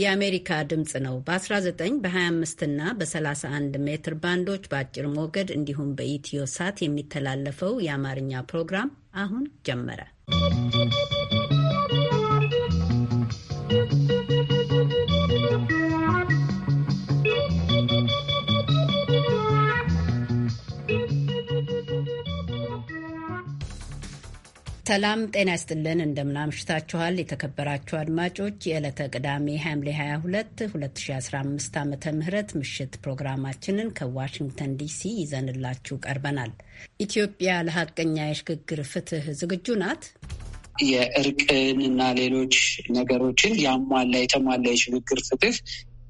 የአሜሪካ ድምፅ ነው። በ19 በ25 እና በ31 ሜትር ባንዶች በአጭር ሞገድ እንዲሁም በኢትዮ ሳት የሚተላለፈው የአማርኛ ፕሮግራም አሁን ጀመረ። ሰላም ጤና ይስጥልን። እንደምናምሽታችኋል የተከበራችሁ አድማጮች። የዕለተ ቅዳሜ ሐምሌ 22 2015 ዓ ም ምሽት ፕሮግራማችንን ከዋሽንግተን ዲሲ ይዘንላችሁ ቀርበናል። ኢትዮጵያ ለሀቀኛ የሽግግር ፍትህ ዝግጁ ናት? የእርቅን እና ሌሎች ነገሮችን ያሟላ የተሟላ የሽግግር ፍትህ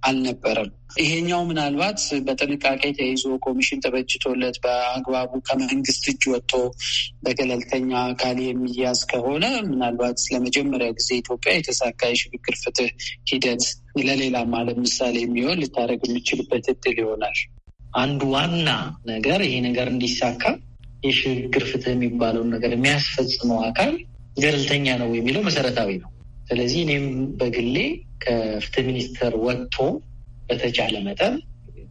አልነበረም። ይሄኛው ምናልባት በጥንቃቄ ተይዞ ኮሚሽን ተበጅቶለት በአግባቡ ከመንግስት እጅ ወጥቶ በገለልተኛ አካል የሚያዝ ከሆነ ምናልባት ለመጀመሪያ ጊዜ ኢትዮጵያ የተሳካ የሽግግር ፍትህ ሂደት ለሌላም ዓለም ምሳሌ የሚሆን ልታደረግ የምችልበት እድል ይሆናል። አንዱ ዋና ነገር ይሄ ነገር እንዲሳካ የሽግግር ፍትህ የሚባለውን ነገር የሚያስፈጽመው አካል ገለልተኛ ነው የሚለው መሰረታዊ ነው። ስለዚህ እኔም በግሌ ከፍትህ ሚኒስቴር ወጥቶ በተቻለ መጠን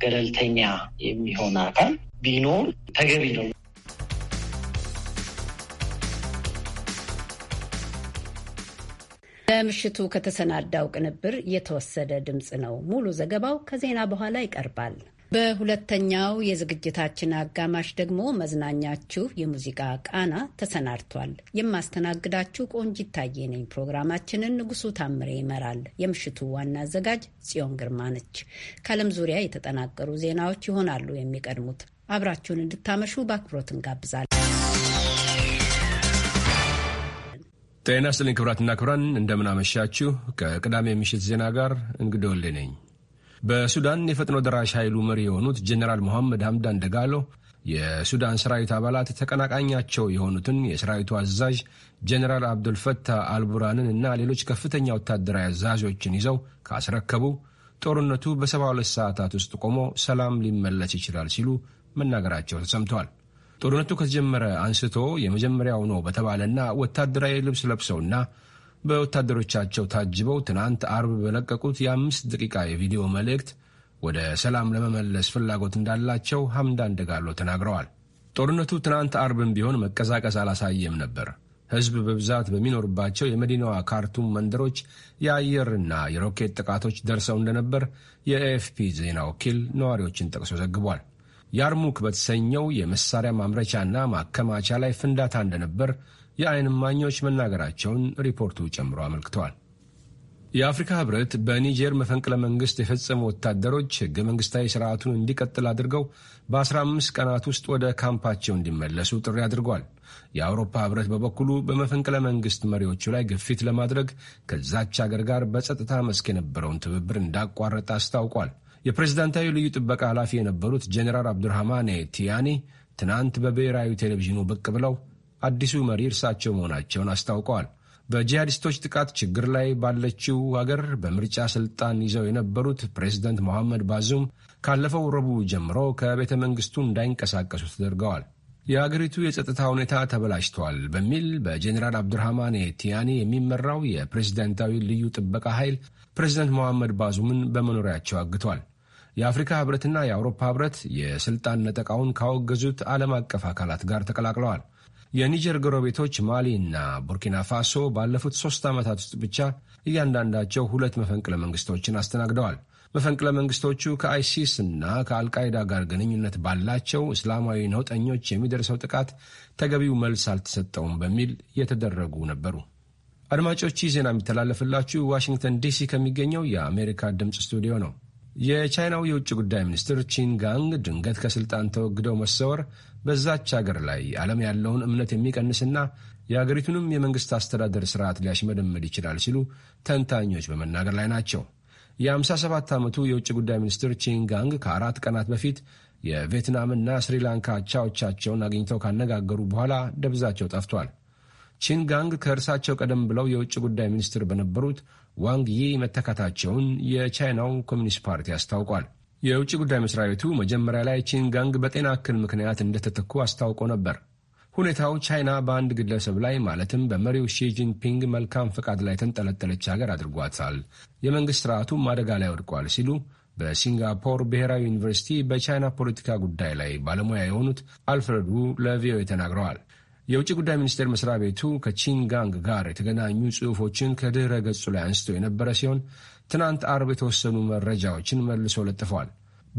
ገለልተኛ የሚሆን አካል ቢኖር ተገቢ ነው። ለምሽቱ ከተሰናዳው ቅንብር የተወሰደ ድምፅ ነው። ሙሉ ዘገባው ከዜና በኋላ ይቀርባል። በሁለተኛው የዝግጅታችን አጋማሽ ደግሞ መዝናኛችሁ የሙዚቃ ቃና ተሰናድቷል። የማስተናግዳችሁ ቆንጅ ታዬ ነኝ። ፕሮግራማችንን ንጉሱ ታምሬ ይመራል። የምሽቱ ዋና አዘጋጅ ጽዮን ግርማ ነች። ከዓለም ዙሪያ የተጠናቀሩ ዜናዎች ይሆናሉ የሚቀድሙት። አብራችሁን እንድታመሹ በአክብሮት እንጋብዛለን። ጤና ስልኝ ክብራትና ክብራን እንደምናመሻችሁ። ከቅዳሜ ምሽት ዜና ጋር እንግዳ ነኝ። በሱዳን የፈጥኖ ደራሽ ኃይሉ መሪ የሆኑት ጀኔራል መሐመድ ሐምዳን ደጋሎ የሱዳን ሰራዊት አባላት ተቀናቃኛቸው የሆኑትን የሰራዊቱ አዛዥ ጀኔራል አብዱልፈታህ አልቡራንን እና ሌሎች ከፍተኛ ወታደራዊ አዛዦችን ይዘው ካስረከቡ ጦርነቱ በ ሁለት ሰዓታት ውስጥ ቆሞ ሰላም ሊመለስ ይችላል ሲሉ መናገራቸው ተሰምተዋል። ጦርነቱ ከተጀመረ አንስቶ የመጀመሪያው ነው በተባለና ወታደራዊ ልብስ ለብሰውና በወታደሮቻቸው ታጅበው ትናንት አርብ በለቀቁት የአምስት ደቂቃ የቪዲዮ መልእክት ወደ ሰላም ለመመለስ ፍላጎት እንዳላቸው ሐምዳን ደጋሎ ተናግረዋል። ጦርነቱ ትናንት አርብም ቢሆን መቀዛቀስ አላሳየም ነበር። ሕዝብ በብዛት በሚኖርባቸው የመዲናዋ ካርቱም መንደሮች የአየርና የሮኬት ጥቃቶች ደርሰው እንደነበር የኤኤፍፒ ዜና ወኪል ነዋሪዎችን ጠቅሶ ዘግቧል። ያርሙክ በተሰኘው የመሳሪያ ማምረቻና ማከማቻ ላይ ፍንዳታ እንደነበር የዓይን ማኞች መናገራቸውን ሪፖርቱ ጨምሮ አመልክተዋል። የአፍሪካ ህብረት በኒጀር መፈንቅለ መንግስት የፈጸሙ ወታደሮች ህገ መንግስታዊ ስርዓቱን እንዲቀጥል አድርገው በ15 ቀናት ውስጥ ወደ ካምፓቸው እንዲመለሱ ጥሪ አድርጓል። የአውሮፓ ህብረት በበኩሉ በመፈንቅለ መንግስት መሪዎቹ ላይ ግፊት ለማድረግ ከዛች አገር ጋር በጸጥታ መስክ የነበረውን ትብብር እንዳቋረጠ አስታውቋል። የፕሬዝዳንታዊ ልዩ ጥበቃ ኃላፊ የነበሩት ጀኔራል አብዱርሃማን ቲያኒ ትናንት በብሔራዊ ቴሌቪዥኑ ብቅ ብለው አዲሱ መሪ እርሳቸው መሆናቸውን አስታውቀዋል። በጂሃዲስቶች ጥቃት ችግር ላይ ባለችው ሀገር በምርጫ ስልጣን ይዘው የነበሩት ፕሬዝደንት መሐመድ ባዙም ካለፈው ረቡዕ ጀምሮ ከቤተ መንግስቱ እንዳይንቀሳቀሱ ተደርገዋል። የአገሪቱ የጸጥታ ሁኔታ ተበላሽቷል በሚል በጀኔራል አብዱርሃማን ቲያኒ የሚመራው የፕሬዝደንታዊ ልዩ ጥበቃ ኃይል ፕሬዝደንት መሐመድ ባዙምን በመኖሪያቸው አግቷል። የአፍሪካ ህብረትና የአውሮፓ ህብረት የስልጣን ነጠቃውን ካወገዙት ዓለም አቀፍ አካላት ጋር ተቀላቅለዋል። የኒጀር ጎረቤቶች ማሊ እና ቡርኪና ፋሶ ባለፉት ሦስት ዓመታት ውስጥ ብቻ እያንዳንዳቸው ሁለት መፈንቅለ መንግሥቶችን አስተናግደዋል። መፈንቅለ መንግሥቶቹ ከአይሲስ እና ከአልቃይዳ ጋር ግንኙነት ባላቸው እስላማዊ ነውጠኞች የሚደርሰው ጥቃት ተገቢው መልስ አልተሰጠውም በሚል የተደረጉ ነበሩ። አድማጮች ዜና የሚተላለፍላችሁ ዋሽንግተን ዲሲ ከሚገኘው የአሜሪካ ድምፅ ስቱዲዮ ነው። የቻይናው የውጭ ጉዳይ ሚኒስትር ቺንጋንግ ድንገት ከስልጣን ተወግደው መሰወር በዛች አገር ላይ ዓለም ያለውን እምነት የሚቀንስና የአገሪቱንም የመንግሥት አስተዳደር ሥርዓት ሊያሽመደምድ ይችላል ሲሉ ተንታኞች በመናገር ላይ ናቸው። የ57 ዓመቱ የውጭ ጉዳይ ሚኒስትር ቺንጋንግ ከአራት ቀናት በፊት የቬትናምና ስሪላንካ አቻዎቻቸውን አግኝተው ካነጋገሩ በኋላ ደብዛቸው ጠፍቷል። ቺንጋንግ ከእርሳቸው ቀደም ብለው የውጭ ጉዳይ ሚኒስትር በነበሩት ዋንግ ይ መተካታቸውን የቻይናው ኮሚኒስት ፓርቲ አስታውቋል። የውጭ ጉዳይ መስሪያ ቤቱ መጀመሪያ ላይ ቺንጋንግ በጤና እክል ምክንያት እንደተተኩ አስታውቆ ነበር። ሁኔታው ቻይና በአንድ ግለሰብ ላይ ማለትም በመሪው ሺጂንፒንግ መልካም ፈቃድ ላይ የተንጠለጠለች ሀገር አድርጓታል፣ የመንግሥት ስርዓቱም አደጋ ላይ ወድቋል ሲሉ በሲንጋፖር ብሔራዊ ዩኒቨርሲቲ በቻይና ፖለቲካ ጉዳይ ላይ ባለሙያ የሆኑት አልፍሬድ ለቪኦኤ ተናግረዋል። የውጭ ጉዳይ ሚኒስቴር መስሪያ ቤቱ ከቺንጋንግ ጋር የተገናኙ ጽሑፎችን ከድኅረ ገጹ ላይ አንስቶ የነበረ ሲሆን ትናንት አርብ የተወሰኑ መረጃዎችን መልሶ ለጥፈዋል።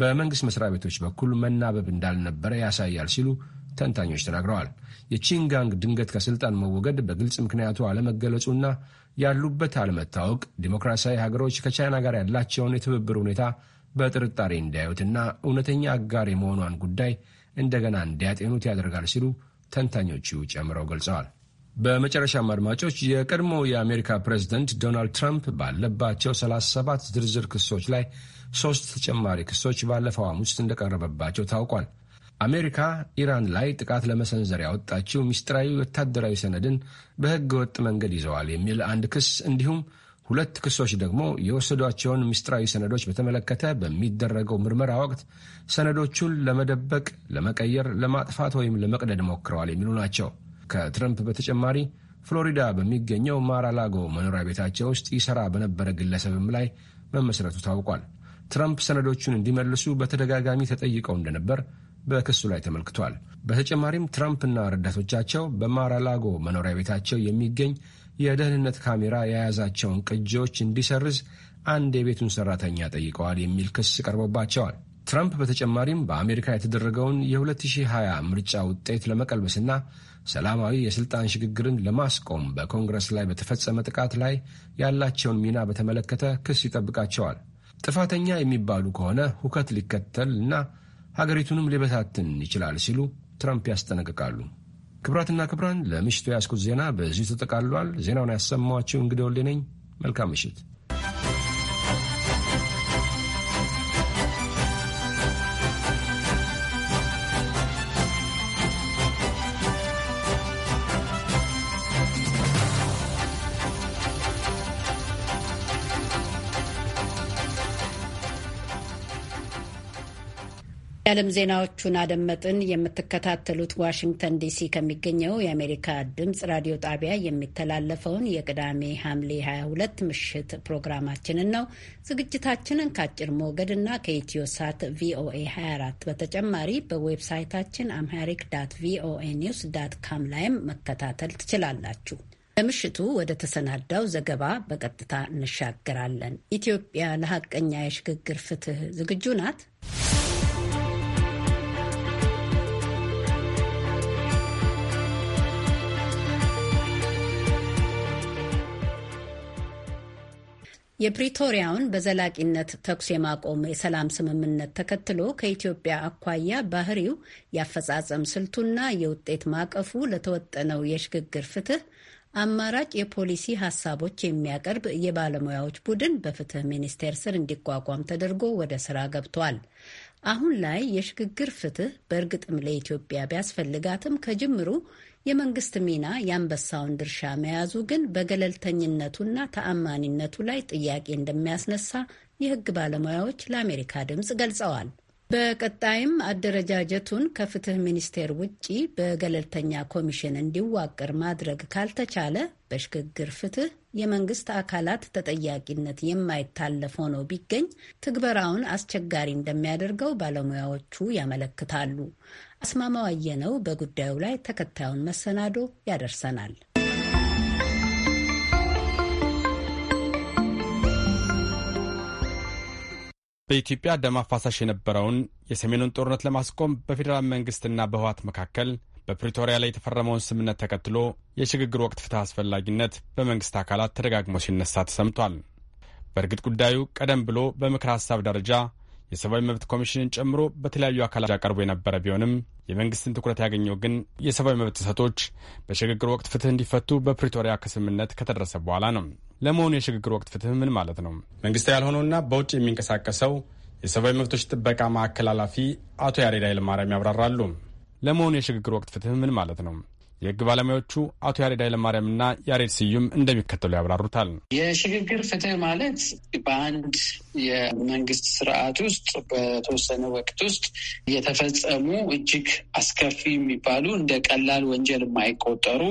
በመንግሥት መሥሪያ ቤቶች በኩል መናበብ እንዳልነበረ ያሳያል ሲሉ ተንታኞች ተናግረዋል። የቺንጋንግ ድንገት ከሥልጣን መወገድ በግልጽ ምክንያቱ አለመገለጹና ያሉበት አለመታወቅ ዲሞክራሲያዊ ሀገሮች ከቻይና ጋር ያላቸውን የትብብር ሁኔታ በጥርጣሬ እንዲያዩትና እውነተኛ አጋር የመሆኗን ጉዳይ እንደገና እንዲያጤኑት ያደርጋል ሲሉ ተንታኞቹ ጨምረው ገልጸዋል። በመጨረሻም አድማጮች የቀድሞ የአሜሪካ ፕሬዝደንት ዶናልድ ትራምፕ ባለባቸው 37 ዝርዝር ክሶች ላይ ሶስት ተጨማሪ ክሶች ባለፈው ሐሙስ እንደቀረበባቸው ታውቋል። አሜሪካ ኢራን ላይ ጥቃት ለመሰንዘር ያወጣችው ምስጢራዊ ወታደራዊ ሰነድን በሕገ ወጥ መንገድ ይዘዋል የሚል አንድ ክስ እንዲሁም ሁለት ክሶች ደግሞ የወሰዷቸውን ምስጢራዊ ሰነዶች በተመለከተ በሚደረገው ምርመራ ወቅት ሰነዶቹን ለመደበቅ፣ ለመቀየር፣ ለማጥፋት ወይም ለመቅደድ ሞክረዋል የሚሉ ናቸው። ከትረምፕ በተጨማሪ ፍሎሪዳ በሚገኘው ማራላጎ መኖሪያ ቤታቸው ውስጥ ይሰራ በነበረ ግለሰብም ላይ መመስረቱ ታውቋል። ትረምፕ ሰነዶቹን እንዲመልሱ በተደጋጋሚ ተጠይቀው እንደነበር በክሱ ላይ ተመልክቷል። በተጨማሪም ትረምፕና ረዳቶቻቸው በማራላጎ መኖሪያ ቤታቸው የሚገኝ የደህንነት ካሜራ የያዛቸውን ቅጂዎች እንዲሰርዝ አንድ የቤቱን ሰራተኛ ጠይቀዋል የሚል ክስ ቀርቦባቸዋል። ትረምፕ በተጨማሪም በአሜሪካ የተደረገውን የ2020 ምርጫ ውጤት ለመቀልበስና ሰላማዊ የስልጣን ሽግግርን ለማስቆም በኮንግረስ ላይ በተፈጸመ ጥቃት ላይ ያላቸውን ሚና በተመለከተ ክስ ይጠብቃቸዋል። ጥፋተኛ የሚባሉ ከሆነ ሁከት ሊከተል እና ሀገሪቱንም ሊበታትን ይችላል ሲሉ ትራምፕ ያስጠነቅቃሉ። ክብራትና ክብራን ለምሽቱ ያስኩት ዜና በዚሁ ተጠቃልሏል። ዜናውን ያሰማኋችሁ እንግዲህ ወሌ ነኝ። መልካም ምሽት። የዓለም ዜናዎቹን አደመጥን። የምትከታተሉት ዋሽንግተን ዲሲ ከሚገኘው የአሜሪካ ድምፅ ራዲዮ ጣቢያ የሚተላለፈውን የቅዳሜ ሐምሌ 22 ምሽት ፕሮግራማችንን ነው። ዝግጅታችንን ከአጭር ሞገድ እና ከኢትዮ ሳት ቪኦኤ 24 በተጨማሪ በዌብሳይታችን አምሃሪክ ዳት ቪኦኤ ኒውስ ዳት ካም ላይም መከታተል ትችላላችሁ። ለምሽቱ ወደ ተሰናዳው ዘገባ በቀጥታ እንሻገራለን። ኢትዮጵያ ለሀቀኛ የሽግግር ፍትህ ዝግጁ ናት? የፕሪቶሪያውን በዘላቂነት ተኩስ የማቆም የሰላም ስምምነት ተከትሎ ከኢትዮጵያ አኳያ ባህሪው፣ የአፈጻጸም ስልቱና የውጤት ማዕቀፉ ለተወጠነው የሽግግር ፍትህ አማራጭ የፖሊሲ ሀሳቦች የሚያቀርብ የባለሙያዎች ቡድን በፍትህ ሚኒስቴር ስር እንዲቋቋም ተደርጎ ወደ ስራ ገብቷል። አሁን ላይ የሽግግር ፍትህ በእርግጥም ለኢትዮጵያ ቢያስፈልጋትም ከጅምሩ የመንግስት ሚና የአንበሳውን ድርሻ መያዙ ግን በገለልተኝነቱና ተአማኒነቱ ላይ ጥያቄ እንደሚያስነሳ የህግ ባለሙያዎች ለአሜሪካ ድምፅ ገልጸዋል። በቀጣይም አደረጃጀቱን ከፍትህ ሚኒስቴር ውጪ በገለልተኛ ኮሚሽን እንዲዋቅር ማድረግ ካልተቻለ በሽግግር ፍትህ የመንግስት አካላት ተጠያቂነት የማይታለፍ ሆኖ ቢገኝ ትግበራውን አስቸጋሪ እንደሚያደርገው ባለሙያዎቹ ያመለክታሉ። አስማማው አየነው በጉዳዩ ላይ ተከታዩን መሰናዶ ያደርሰናል። በኢትዮጵያ ደም አፋሳሽ የነበረውን የሰሜኑን ጦርነት ለማስቆም በፌዴራል መንግስትና በህወሓት መካከል በፕሪቶሪያ ላይ የተፈረመውን ስምምነት ተከትሎ የሽግግር ወቅት ፍትህ አስፈላጊነት በመንግስት አካላት ተደጋግሞ ሲነሳ ተሰምቷል። በእርግጥ ጉዳዩ ቀደም ብሎ በምክር ሀሳብ ደረጃ የሰብአዊ መብት ኮሚሽንን ጨምሮ በተለያዩ አካላት ቀርቦ የነበረ ቢሆንም የመንግስትን ትኩረት ያገኘው ግን የሰብአዊ መብት ጥሰቶች በሽግግር ወቅት ፍትህ እንዲፈቱ በፕሪቶሪያ ከስምምነት ከተደረሰ በኋላ ነው። ለመሆኑ የሽግግር ወቅት ፍትህ ምን ማለት ነው? መንግስታዊ ያልሆነውና በውጭ የሚንቀሳቀሰው የሰብአዊ መብቶች ጥበቃ ማዕከል ኃላፊ አቶ ያሬድ ኃይለማርያም ያብራራሉ። ለመሆኑ የሽግግር ወቅት ፍትህ ምን ማለት ነው? የህግ ባለሙያዎቹ አቶ ያሬድ ኃይለማርያምና ያሬድ ስዩም እንደሚከተሉ ያብራሩታል። የሽግግር ፍትህ ማለት በአንድ የመንግስት ስርዓት ውስጥ በተወሰነ ወቅት ውስጥ የተፈጸሙ እጅግ አስከፊ የሚባሉ እንደ ቀላል ወንጀል የማይቆጠሩ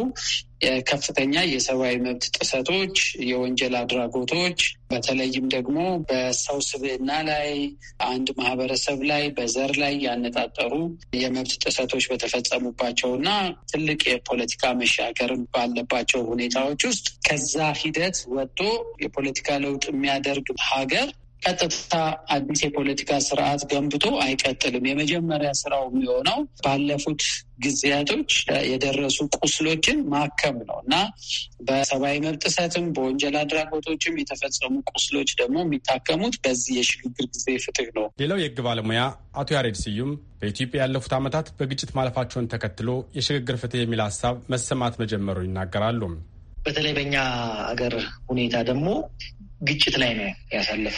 ከፍተኛ የሰብአዊ መብት ጥሰቶች፣ የወንጀል አድራጎቶች በተለይም ደግሞ በሰው ስብዕና ላይ አንድ ማህበረሰብ ላይ በዘር ላይ ያነጣጠሩ የመብት ጥሰቶች በተፈጸሙባቸው እና ትልቅ የፖለቲካ መሻገር ባለባቸው ሁኔታዎች ውስጥ ከዛ ሂደት ወጥቶ የፖለቲካ ለውጥ የሚያደርግ ሀገር ቀጥታ አዲስ የፖለቲካ ስርዓት ገንብቶ አይቀጥልም። የመጀመሪያ ስራው የሚሆነው ባለፉት ጊዜያቶች የደረሱ ቁስሎችን ማከም ነው እና በሰብአዊ መብት ጥሰትም በወንጀል አድራጎቶችም የተፈጸሙ ቁስሎች ደግሞ የሚታከሙት በዚህ የሽግግር ጊዜ ፍትህ ነው። ሌላው የህግ ባለሙያ አቶ ያሬድ ስዩም በኢትዮጵያ ያለፉት ዓመታት በግጭት ማለፋቸውን ተከትሎ የሽግግር ፍትህ የሚል ሀሳብ መሰማት መጀመሩ ይናገራሉ። በተለይ በእኛ አገር ሁኔታ ደግሞ ግጭት ላይ ነው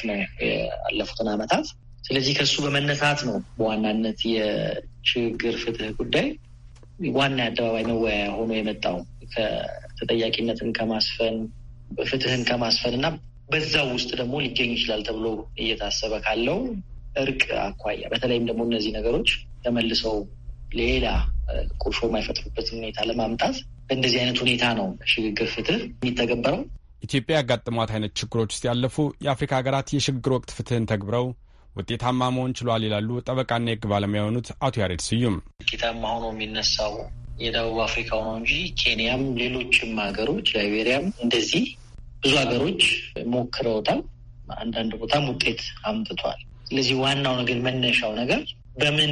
ነው ያለፉትን አመታት ስለዚህ ከሱ በመነሳት ነው በዋናነት የችግር ፍትህ ጉዳይ ዋና የአደባባይ መወያያ ሆኖ የመጣው ተጠያቂነትን ከማስፈን ፍትህን ከማስፈን እና በዛው ውስጥ ደግሞ ሊገኝ ይችላል ተብሎ እየታሰበ ካለው እርቅ አኳያ በተለይም ደግሞ እነዚህ ነገሮች ተመልሰው ሌላ ቁርሾ የማይፈጥሩበትን ሁኔታ ለማምጣት በእንደዚህ አይነት ሁኔታ ነው ሽግግር ፍትህ የሚተገበረው። ኢትዮጵያ ያጋጥሟት አይነት ችግሮች ውስጥ ያለፉ የአፍሪካ ሀገራት የሽግግር ወቅት ፍትህን ተግብረው ውጤታማ መሆን ችሏል ይላሉ ጠበቃና የህግ ባለሙያ የሆኑት አቶ ያሬድ ስዩም። ውጤታማ ሆኖ የሚነሳው የደቡብ አፍሪካው ነው እንጂ ኬንያም፣ ሌሎችም ሀገሮች ላይቤሪያም እንደዚህ ብዙ ሀገሮች ሞክረውታል። አንዳንድ ቦታም ውጤት አምጥቷል። ስለዚህ ዋናው ነገር መነሻው ነገር በምን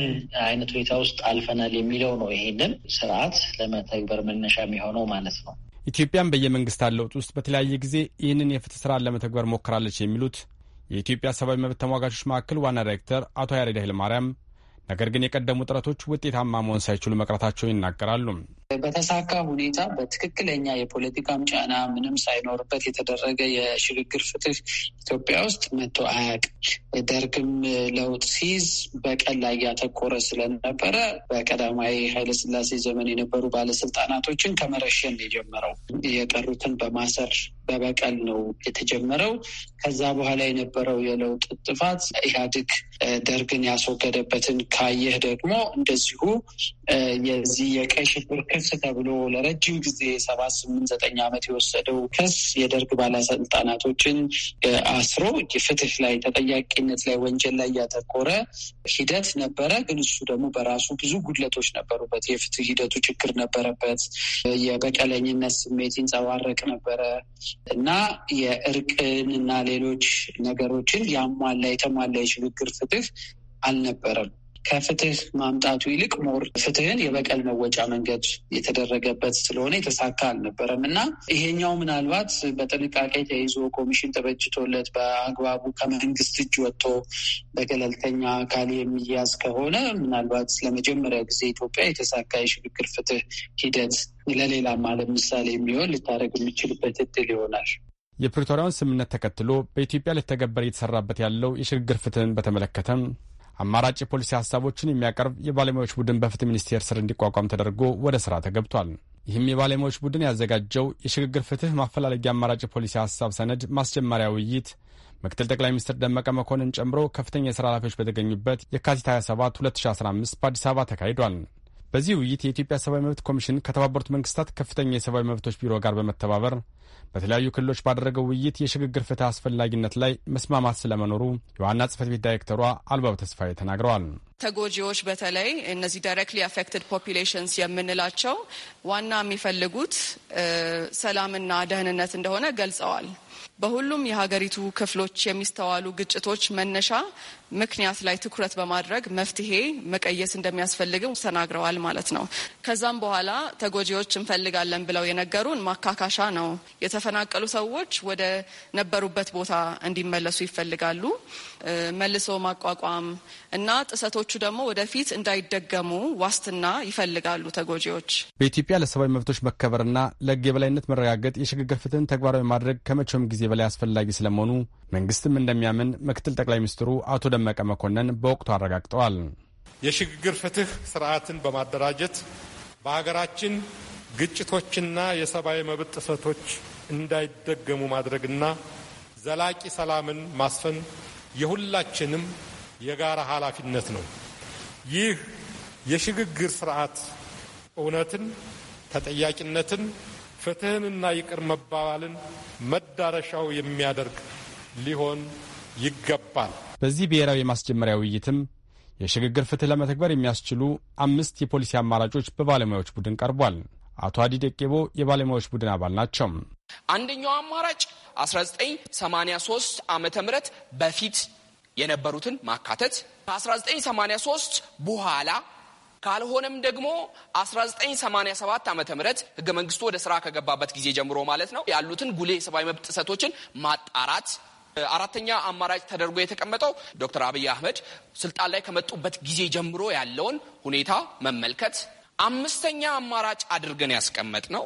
አይነት ሁኔታ ውስጥ አልፈናል የሚለው ነው። ይሄንን ስርዓት ለመተግበር መነሻ የሚሆነው ማለት ነው። ኢትዮጵያን በየመንግስታት ለውጥ ውስጥ በተለያየ ጊዜ ይህንን የፍትህ ስርዓት ለመተግበር ሞክራለች የሚሉት የኢትዮጵያ ሰብአዊ መብት ተሟጋቾች ማዕከል ዋና ዳይሬክተር አቶ ያሬድ ኃይለማርያም ነገር ግን የቀደሙ ጥረቶች ውጤታማ መሆን ሳይችሉ መቅረታቸው ይናገራሉ። በተሳካ ሁኔታ በትክክለኛ የፖለቲካም ጫና ምንም ሳይኖርበት የተደረገ የሽግግር ፍትህ ኢትዮጵያ ውስጥ መቶ አያውቅም። ደርግም ለውጥ ሲይዝ በቀል ላይ ያተኮረ ስለነበረ በቀዳማዊ ኃይለስላሴ ዘመን የነበሩ ባለስልጣናቶችን ከመረሸን የጀመረው የቀሩትን በማሰር በበቀል ነው የተጀመረው። ከዛ በኋላ የነበረው የለውጥ ጥፋት ኢህአዴግ ደርግን ያስወገደበትን ካየህ ደግሞ እንደዚሁ የዚህ የቀይ ሽብር ክስ ተብሎ ለረጅም ጊዜ ሰባት ስምንት ዘጠኝ ዓመት የወሰደው ክስ የደርግ ባለስልጣናቶችን አስሮ ፍትህ ላይ ተጠያቂነት ላይ ወንጀል ላይ ያተኮረ ሂደት ነበረ። ግን እሱ ደግሞ በራሱ ብዙ ጉድለቶች ነበሩበት። የፍትህ ሂደቱ ችግር ነበረበት። የበቀለኝነት ስሜት ይንጸባረቅ ነበረ እና የእርቅን እና ሌሎች ነገሮችን ያሟላ የተሟላ የሽግግር ፍትህ አልነበረም። ከፍትህ ማምጣቱ ይልቅ ሞር ፍትህን የበቀል መወጫ መንገድ የተደረገበት ስለሆነ የተሳካ አልነበረም እና ይሄኛው ምናልባት በጥንቃቄ ተይዞ ኮሚሽን ተበጅቶለት በአግባቡ ከመንግስት እጅ ወጥቶ በገለልተኛ አካል የሚያዝ ከሆነ ምናልባት ለመጀመሪያ ጊዜ ኢትዮጵያ የተሳካ የሽግግር ፍትህ ሂደት ለሌላም ዓለም ምሳሌ የሚሆን ልታደረግ የሚችልበት እድል ይሆናል። የፕሪቶሪያውን ስምምነት ተከትሎ በኢትዮጵያ ሊተገበር እየተሰራበት ያለው የሽግግር ፍትህን በተመለከተም አማራጭ የፖሊሲ ሀሳቦችን የሚያቀርብ የባለሙያዎች ቡድን በፍትህ ሚኒስቴር ስር እንዲቋቋም ተደርጎ ወደ ስራ ተገብቷል። ይህም የባለሙያዎች ቡድን ያዘጋጀው የሽግግር ፍትህ ማፈላለጊያ አማራጭ የፖሊሲ ሀሳብ ሰነድ ማስጀመሪያ ውይይት ምክትል ጠቅላይ ሚኒስትር ደመቀ መኮንን ጨምሮ ከፍተኛ የስራ ኃላፊዎች በተገኙበት የካቲት 27 2015 በአዲስ አበባ ተካሂዷል። በዚህ ውይይት የኢትዮጵያ ሰብአዊ መብት ኮሚሽን ከተባበሩት መንግስታት ከፍተኛ የሰብአዊ መብቶች ቢሮ ጋር በመተባበር በተለያዩ ክልሎች ባደረገው ውይይት የሽግግር ፍትህ አስፈላጊነት ላይ መስማማት ስለመኖሩ የዋና ጽህፈት ቤት ዳይሬክተሯ አልባብ ተስፋዬ ተናግረዋል። ተጎጂዎች በተለይ እነዚህ ዳይሬክትሊ አፌክትድ ፖፒሌሽንስ የምንላቸው ዋና የሚፈልጉት ሰላምና ደህንነት እንደሆነ ገልጸዋል። በሁሉም የሀገሪቱ ክፍሎች የሚስተዋሉ ግጭቶች መነሻ ምክንያት ላይ ትኩረት በማድረግ መፍትሄ መቀየስ እንደሚያስፈልግም ተናግረዋል ማለት ነው። ከዛም በኋላ ተጎጂዎች እንፈልጋለን ብለው የነገሩን ማካካሻ ነው። የተፈናቀሉ ሰዎች ወደ ነበሩበት ቦታ እንዲመለሱ ይፈልጋሉ። መልሶ ማቋቋም እና ጥሰቶቹ ደግሞ ወደፊት እንዳይደገሙ ዋስትና ይፈልጋሉ ተጎጂዎች። በኢትዮጵያ ለሰብአዊ መብቶች መከበርና ለሕግ የበላይነት መረጋገጥ የሽግግር ፍትህን ተግባራዊ ማድረግ ከመቼውም ጊዜ በላይ አስፈላጊ ስለመሆኑ መንግስትም እንደሚያምን ምክትል ጠቅላይ ሚኒስትሩ አቶ ደመቀ መኮንን በወቅቱ አረጋግጠዋል። የሽግግር ፍትህ ስርዓትን በማደራጀት በሀገራችን ግጭቶችና የሰብአዊ መብት ጥሰቶች እንዳይደገሙ ማድረግና ዘላቂ ሰላምን ማስፈን የሁላችንም የጋራ ኃላፊነት ነው። ይህ የሽግግር ስርዓት እውነትን፣ ተጠያቂነትን ፍትህንና ይቅር መባባልን መዳረሻው የሚያደርግ ሊሆን ይገባል። በዚህ ብሔራዊ የማስጀመሪያ ውይይትም የሽግግር ፍትህ ለመተግበር የሚያስችሉ አምስት የፖሊሲ አማራጮች በባለሙያዎች ቡድን ቀርቧል። አቶ አዲ ደቄቦ የባለሙያዎች ቡድን አባል ናቸው። አንደኛው አማራጭ 1983 ዓ ምህረት በፊት የነበሩትን ማካተት ከ1983 በኋላ ካልሆነም ደግሞ 1987 ዓ ም ህገ መንግስቱ ወደ ስራ ከገባበት ጊዜ ጀምሮ ማለት ነው ያሉትን ጉሌ የሰብአዊ መብት ጥሰቶችን ማጣራት አራተኛ አማራጭ ተደርጎ የተቀመጠው ዶክተር አብይ አህመድ ስልጣን ላይ ከመጡበት ጊዜ ጀምሮ ያለውን ሁኔታ መመልከት። አምስተኛ አማራጭ አድርገን ያስቀመጥ ነው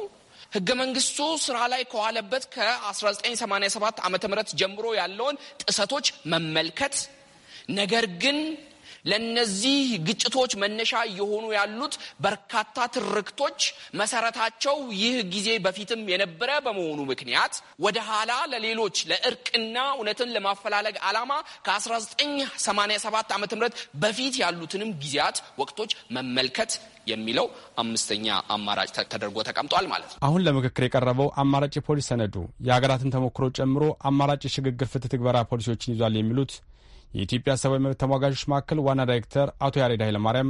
ህገ መንግስቱ ስራ ላይ ከዋለበት ከ1987 ዓ ም ጀምሮ ያለውን ጥሰቶች መመልከት ነገር ግን ለነዚህ ግጭቶች መነሻ እየሆኑ ያሉት በርካታ ትርክቶች መሰረታቸው ይህ ጊዜ በፊትም የነበረ በመሆኑ ምክንያት ወደ ኋላ ለሌሎች ለእርቅና እውነትን ለማፈላለግ ዓላማ ከ1987 ዓ ም በፊት ያሉትንም ጊዜያት ወቅቶች መመልከት የሚለው አምስተኛ አማራጭ ተደርጎ ተቀምጧል ማለት ነው። አሁን ለምክክር የቀረበው አማራጭ የፖሊስ ሰነዱ የሀገራትን ተሞክሮ ጨምሮ አማራጭ የሽግግር ፍትህ ትግበራ ፖሊሲዎችን ይዟል የሚሉት የኢትዮጵያ ሰብአዊ መብት ተሟጋቾች መካከል ዋና ዳይሬክተር አቶ ያሬድ ኃይለማርያም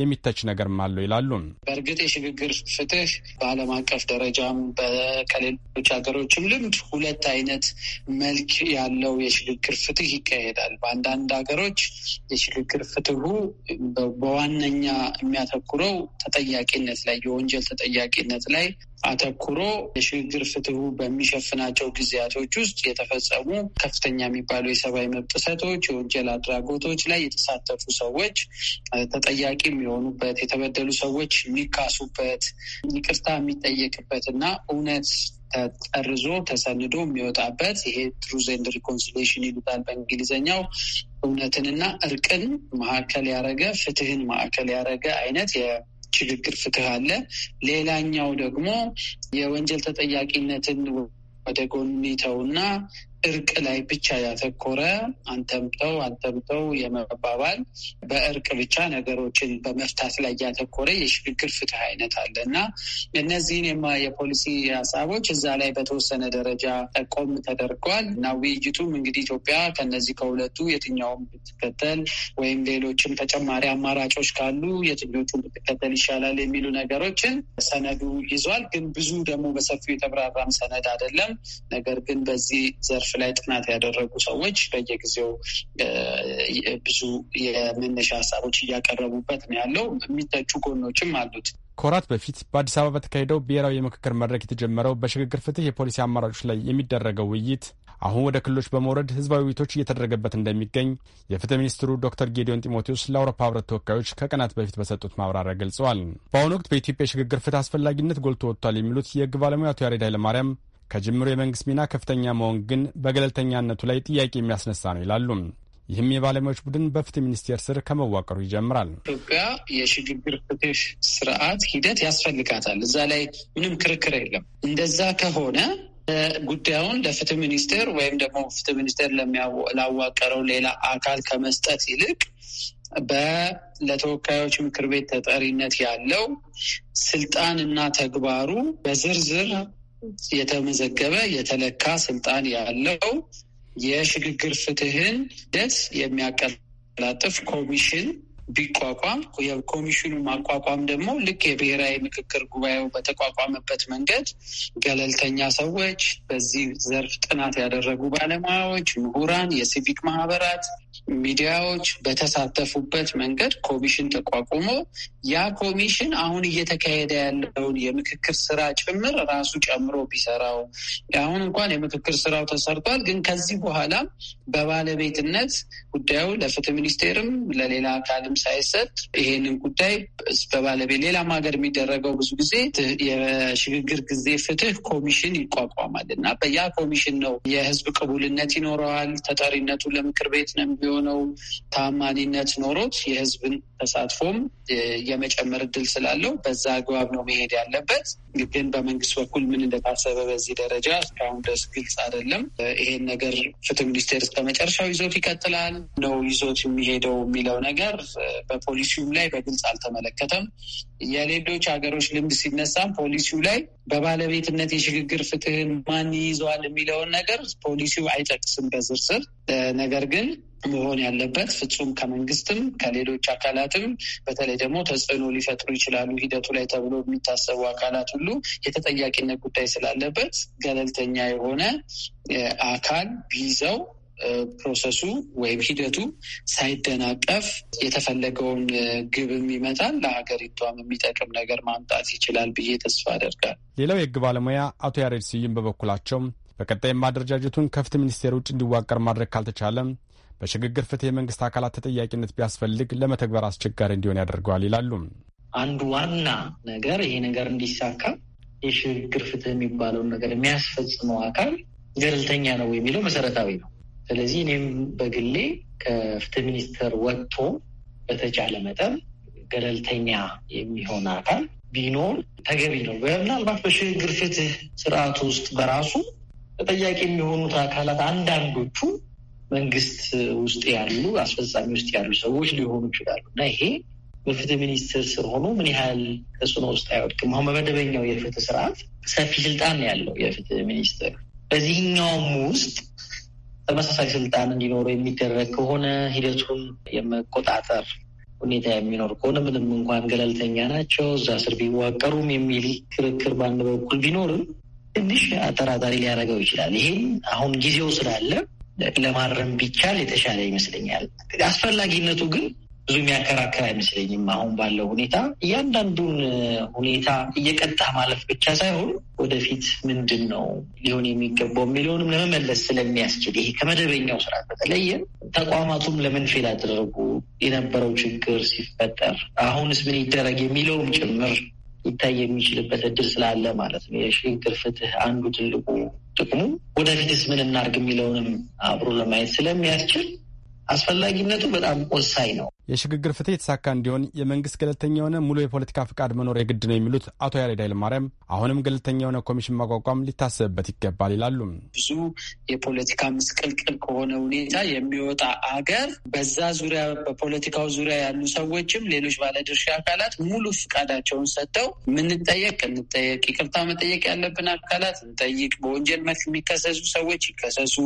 የሚተች ነገር አለው ይላሉ። በእርግጥ የሽግግር ፍትህ በዓለም አቀፍ ደረጃም ከሌሎች ሀገሮችም ልምድ ሁለት አይነት መልክ ያለው የሽግግር ፍትህ ይካሄዳል። በአንዳንድ ሀገሮች የሽግግር ፍትሁ በዋነኛ የሚያተኩረው ተጠያቂነት ላይ የወንጀል ተጠያቂነት ላይ አተኩሮ የሽግግር ፍትሁ በሚሸፍናቸው ጊዜያቶች ውስጥ የተፈጸሙ ከፍተኛ የሚባሉ የሰብአዊ መብት ጥሰቶች፣ የወንጀል አድራጎቶች ላይ የተሳተፉ ሰዎች ተጠያቂ የሚሆኑበት፣ የተበደሉ ሰዎች የሚካሱበት፣ ይቅርታ የሚጠየቅበት እና እውነት ተጠርዞ ተሰንዶ የሚወጣበት ይሄ ትሩዝ ኤንድ ሪኮንሲሌሽን ይሉታል በእንግሊዝኛው። እውነትንና እርቅን ማዕከል ያደረገ ፍትህን ማዕከል ያደረገ አይነት ሽግግር ፍትህ አለ። ሌላኛው ደግሞ የወንጀል ተጠያቂነትን ወደ ጎን ይተውና እርቅ ላይ ብቻ ያተኮረ አንተምተው አንተምተው የመባባል በእርቅ ብቻ ነገሮችን በመፍታት ላይ ያተኮረ የሽግግር ፍትህ አይነት አለ እና እነዚህን የፖሊሲ ሀሳቦች እዛ ላይ በተወሰነ ደረጃ ጠቆም ተደርጓል እና ውይይቱም እንግዲህ ኢትዮጵያ ከነዚህ ከሁለቱ የትኛውም ብትከተል ወይም ሌሎችም ተጨማሪ አማራጮች ካሉ የትኞቹ ብትከተል ይሻላል የሚሉ ነገሮችን ሰነዱ ይዟል። ግን ብዙ ደግሞ በሰፊው የተብራራም ሰነድ አይደለም። ነገር ግን በዚህ ዘርፍ ዘርፍ ላይ ጥናት ያደረጉ ሰዎች በየጊዜው ብዙ የመነሻ ሀሳቦች እያቀረቡበት ነው ያለው። የሚተቹ ጎኖችም አሉት። ከወራት በፊት በአዲስ አበባ በተካሄደው ብሔራዊ የምክክር መድረክ የተጀመረው በሽግግር ፍትህ የፖሊሲ አማራጮች ላይ የሚደረገው ውይይት አሁን ወደ ክልሎች በመውረድ ህዝባዊ ውይይቶች እየተደረገበት እንደሚገኝ የፍትህ ሚኒስትሩ ዶክተር ጌዲዮን ጢሞቴዎስ ለአውሮፓ ህብረት ተወካዮች ከቀናት በፊት በሰጡት ማብራሪያ ገልጸዋል። በአሁኑ ወቅት በኢትዮጵያ የሽግግር ፍትህ አስፈላጊነት ጎልቶ ወጥቷል የሚሉት የህግ ባለሙያ አቶ ያሬድ ኃይለማርያም ከጅምሩ የመንግስት ሚና ከፍተኛ መሆን ግን በገለልተኛነቱ ላይ ጥያቄ የሚያስነሳ ነው ይላሉ። ይህም የባለሙያዎች ቡድን በፍትህ ሚኒስቴር ስር ከመዋቀሩ ይጀምራል። ኢትዮጵያ የሽግግር ፍትህ ስርዓት ሂደት ያስፈልጋታል። እዛ ላይ ምንም ክርክር የለም። እንደዛ ከሆነ ጉዳዩን ለፍትህ ሚኒስቴር ወይም ደግሞ ፍትህ ሚኒስቴር ላዋቀረው ሌላ አካል ከመስጠት ይልቅ ለተወካዮች ምክር ቤት ተጠሪነት ያለው ስልጣን እና ተግባሩ በዝርዝር የተመዘገበ የተለካ ስልጣን ያለው የሽግግር ፍትህን ደስ የሚያቀላጥፍ ኮሚሽን ቢቋቋም የኮሚሽኑ ማቋቋም ደግሞ ልክ የብሔራዊ ምክክር ጉባኤው በተቋቋመበት መንገድ ገለልተኛ ሰዎች፣ በዚህ ዘርፍ ጥናት ያደረጉ ባለሙያዎች፣ ምሁራን፣ የሲቪክ ማህበራት፣ ሚዲያዎች በተሳተፉበት መንገድ ኮሚሽን ተቋቁሞ ያ ኮሚሽን አሁን እየተካሄደ ያለውን የምክክር ስራ ጭምር ራሱ ጨምሮ ቢሰራው አሁን እንኳን የምክክር ስራው ተሰርቷል፣ ግን ከዚህ በኋላ በባለቤትነት ጉዳዩ ለፍትህ ሚኒስቴርም ለሌላ አካልም ሳይሰጥ ይሄንን ጉዳይ በባለቤ ሌላም ሀገር የሚደረገው ብዙ ጊዜ የሽግግር ጊዜ ፍትህ ኮሚሽን ይቋቋማል እና በያ ኮሚሽን ነው የህዝብ ቅቡልነት ይኖረዋል። ተጠሪነቱ ለምክር ቤት ነው የሚሆነው። ታማኒነት ኖሮት የህዝብን ተሳትፎም የመጨመር እድል ስላለው በዛ አግባብ ነው መሄድ ያለበት። ግን በመንግስት በኩል ምን እንደታሰበ በዚህ ደረጃ እስካሁን ድረስ ግልጽ አይደለም። ይሄን ነገር ፍትህ ሚኒስቴር እስከ መጨረሻው ይዞት ይቀጥላል ነው ይዞት የሚሄደው የሚለው ነገር በፖሊሲውም ላይ በግልጽ አልተመለከተም። የሌሎች ሀገሮች ልምድ ሲነሳም ፖሊሲው ላይ በባለቤትነት የሽግግር ፍትህን ማን ይይዘዋል የሚለውን ነገር ፖሊሲው አይጠቅስም በዝርዝር ነገር ግን መሆን ያለበት ፍጹም ከመንግስትም ከሌሎች አካላትም በተለይ ደግሞ ተጽዕኖ ሊፈጥሩ ይችላሉ ሂደቱ ላይ ተብሎ የሚታሰቡ አካላት ሁሉ የተጠያቂነት ጉዳይ ስላለበት ገለልተኛ የሆነ አካል ቢይዘው ፕሮሰሱ ወይም ሂደቱ ሳይደናቀፍ የተፈለገውን ግብም ይመጣል ለሀገሪቷም የሚጠቅም ነገር ማምጣት ይችላል ብዬ ተስፋ አደርጋል። ሌላው የህግ ባለሙያ አቶ ያሬድ ስዩም በበኩላቸው በቀጣይም አደረጃጀቱን ከፍትህ ሚኒስቴር ውጭ እንዲዋቀር ማድረግ ካልተቻለም በሽግግር ፍትህ የመንግስት አካላት ተጠያቂነት ቢያስፈልግ ለመተግበር አስቸጋሪ እንዲሆን ያደርገዋል ይላሉ። አንዱ ዋና ነገር ይሄ ነገር እንዲሳካ የሽግግር ፍትህ የሚባለውን ነገር የሚያስፈጽመው አካል ገለልተኛ ነው የሚለው መሰረታዊ ነው። ስለዚህ እኔም በግሌ ከፍትህ ሚኒስቴር ወጥቶ በተቻለ መጠን ገለልተኛ የሚሆን አካል ቢኖር ተገቢ ነው። ምናልባት በሽግግር ፍትህ ስርዓት ውስጥ በራሱ ተጠያቂ የሚሆኑት አካላት አንዳንዶቹ መንግስት ውስጥ ያሉ አስፈጻሚ ውስጥ ያሉ ሰዎች ሊሆኑ ይችላሉ እና ይሄ በፍትህ ሚኒስትር ስር ሆኖ ምን ያህል ተጽዕኖ ውስጥ አይወድቅም? አሁን በመደበኛው የፍትህ ስርዓት ሰፊ ስልጣን ያለው የፍትህ ሚኒስትር በዚህኛውም ውስጥ ተመሳሳይ ስልጣን እንዲኖረው የሚደረግ ከሆነ ሂደቱን የመቆጣጠር ሁኔታ የሚኖር ከሆነ ምንም እንኳን ገለልተኛ ናቸው እዛ ስር ቢዋቀሩም የሚል ክርክር በአንድ በኩል ቢኖርም ትንሽ አጠራጣሪ ሊያደርገው ይችላል። ይህም አሁን ጊዜው ስላለ ለማረም ቢቻል የተሻለ ይመስለኛል። አስፈላጊነቱ ግን ብዙ የሚያከራከር አይመስለኝም። አሁን ባለው ሁኔታ እያንዳንዱን ሁኔታ እየቀጣ ማለፍ ብቻ ሳይሆን ወደፊት ምንድን ነው ሊሆን የሚገባው የሚለውንም ለመመለስ ስለሚያስችል ይሄ ከመደበኛው ስራ በተለየ ተቋማቱም ለምን ፌል አደረጉ፣ የነበረው ችግር ሲፈጠር አሁንስ ምን ይደረግ የሚለውም ጭምር ሊታይ የሚችልበት እድል ስላለ ማለት ነው። የሽግግር ፍትህ አንዱ ትልቁ ጥቅሙ ወደፊትስ ምን እናርግ የሚለውንም አብሮ ለማየት ስለሚያስችል አስፈላጊነቱ በጣም ወሳኝ ነው። የሽግግር ፍትህ የተሳካ እንዲሆን የመንግስት ገለልተኛ የሆነ ሙሉ የፖለቲካ ፍቃድ መኖር የግድ ነው የሚሉት አቶ ያሬድ ኃይለማርያም አሁንም ገለልተኛ የሆነ ኮሚሽን ማቋቋም ሊታሰብበት ይገባል ይላሉ። ብዙ የፖለቲካ ምስቅልቅል ከሆነ ሁኔታ የሚወጣ አገር በዛ ዙሪያ በፖለቲካው ዙሪያ ያሉ ሰዎችም ሌሎች ባለድርሻ አካላት ሙሉ ፍቃዳቸውን ሰጥተው ምንጠየቅ እንጠየቅ፣ ይቅርታ መጠየቅ ያለብን አካላት እንጠይቅ፣ በወንጀል መልክ የሚከሰሱ ሰዎች ይከሰሱ፣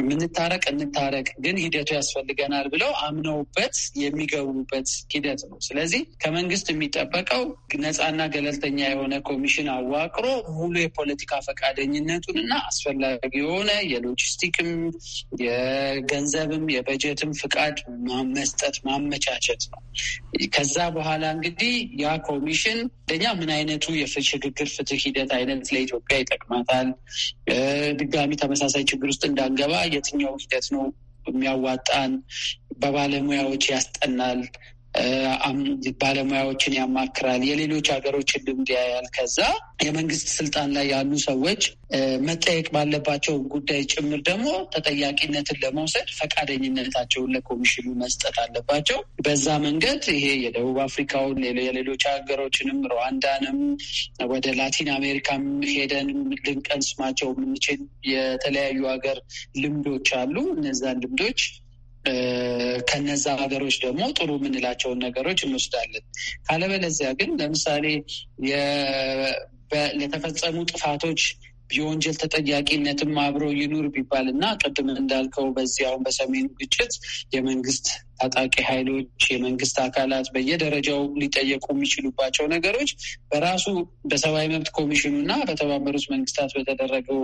የምንታረቅ እንታረቅ፣ ግን ሂደቱ ያስፈልገናል ብለው አምነውበት የሚ የሚገቡበት ሂደት ነው። ስለዚህ ከመንግስት የሚጠበቀው ነፃና ገለልተኛ የሆነ ኮሚሽን አዋቅሮ ሙሉ የፖለቲካ ፈቃደኝነቱን እና አስፈላጊ የሆነ የሎጂስቲክም የገንዘብም የበጀትም ፍቃድ መስጠት ማመቻቸት ነው። ከዛ በኋላ እንግዲህ ያ ኮሚሽን አንደኛ ምን አይነቱ የሽግግር ፍትህ ሂደት አይነት ለኢትዮጵያ ይጠቅማታል፣ ድጋሚ ተመሳሳይ ችግር ውስጥ እንዳንገባ የትኛው ሂደት ነው የሚያዋጣን በባለሙያዎች ያስጠናል ባለሙያዎችን ያማክራል፣ የሌሎች ሀገሮችን ልምድ ያያል። ከዛ የመንግስት ስልጣን ላይ ያሉ ሰዎች መጠየቅ ባለባቸው ጉዳይ ጭምር ደግሞ ተጠያቂነትን ለመውሰድ ፈቃደኝነታቸውን ለኮሚሽኑ መስጠት አለባቸው። በዛ መንገድ ይሄ የደቡብ አፍሪካውን የሌሎች ሀገሮችንም ሩዋንዳንም ወደ ላቲን አሜሪካም ሄደን ልንቀንስማቸው የምንችል የተለያዩ ሀገር ልምዶች አሉ። እነዛን ልምዶች ከነዛ ሀገሮች ደግሞ ጥሩ የምንላቸውን ነገሮች እንወስዳለን። ካለበለዚያ ግን ለምሳሌ ለተፈጸሙ ጥፋቶች የወንጀል ተጠያቂነትም አብሮ ይኑር ቢባል እና ቅድም እንዳልከው በዚህ በሰሜኑ ግጭት የመንግስት ታጣቂ ኃይሎች የመንግስት አካላት በየደረጃው ሊጠየቁ የሚችሉባቸው ነገሮች በራሱ በሰብአዊ መብት ኮሚሽኑ እና በተባበሩት መንግስታት በተደረገው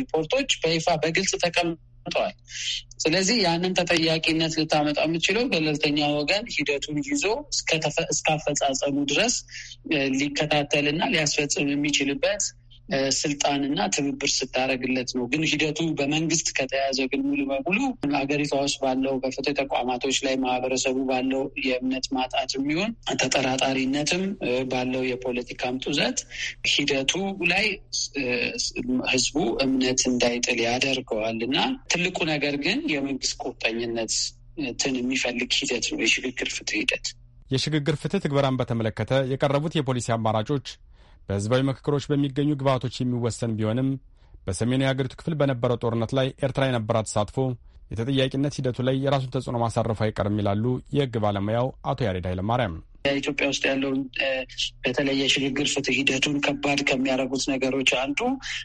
ሪፖርቶች በይፋ በግልጽ ተቀምጠ ተቀምጠዋል። ስለዚህ ያንን ተጠያቂነት ልታመጣ የምችለው ገለልተኛ ወገን ሂደቱን ይዞ እስካፈጻጸሙ ድረስ ሊከታተልና ሊያስፈጽም የሚችልበት ስልጣንና ትብብር ስታደረግለት ነው። ግን ሂደቱ በመንግስት ከተያዘ ግን ሙሉ በሙሉ ሀገሪቷ ውስጥ ባለው በፍትህ ተቋማቶች ላይ ማህበረሰቡ ባለው የእምነት ማጣት የሚሆን ተጠራጣሪነትም ባለው የፖለቲካም ጡዘት ሂደቱ ላይ ህዝቡ እምነት እንዳይጥል ያደርገዋል እና ትልቁ ነገር ግን የመንግስት ቁርጠኝነት ትን የሚፈልግ ሂደት ነው የሽግግር ፍትህ ሂደት። የሽግግር ፍትህ ትግበራን በተመለከተ የቀረቡት የፖሊሲ አማራጮች በህዝባዊ ምክክሮች በሚገኙ ግብአቶች የሚወሰን ቢሆንም በሰሜኑ የአገሪቱ ክፍል በነበረው ጦርነት ላይ ኤርትራ የነበራት ተሳትፎ የተጠያቂነት ሂደቱ ላይ የራሱን ተጽዕኖ ማሳረፉ አይቀርም ይላሉ የህግ ባለሙያው አቶ ያሬድ ኃይለማርያም። ኢትዮጵያ ውስጥ ያለውን በተለየ ሽግግር ፍትህ ሂደቱን ከባድ ከሚያደርጉት ነገሮች አንዱ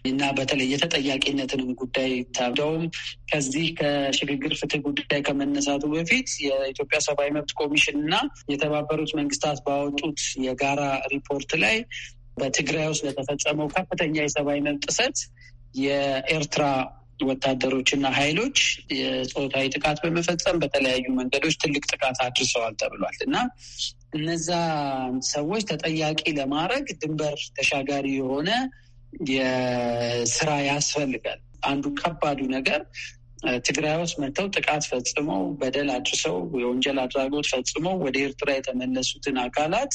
እና በተለይ የተጠያቂነትንም ጉዳይ ታደውም ከዚህ ከሽግግር ፍትህ ጉዳይ ከመነሳቱ በፊት የኢትዮጵያ ሰብአዊ መብት ኮሚሽን እና የተባበሩት መንግስታት ባወጡት የጋራ ሪፖርት ላይ በትግራይ ውስጥ ለተፈጸመው ከፍተኛ የሰብአዊ መብት ጥሰት የኤርትራ ወታደሮችና ኃይሎች የፆታዊ ጥቃት በመፈጸም በተለያዩ መንገዶች ትልቅ ጥቃት አድርሰዋል ተብሏል እና እነዛ ሰዎች ተጠያቂ ለማድረግ ድንበር ተሻጋሪ የሆነ የስራ ያስፈልጋል። አንዱ ከባዱ ነገር ትግራይ ውስጥ መጥተው ጥቃት ፈጽመው በደል አድርሰው የወንጀል አድራጎት ፈጽመው ወደ ኤርትራ የተመለሱትን አካላት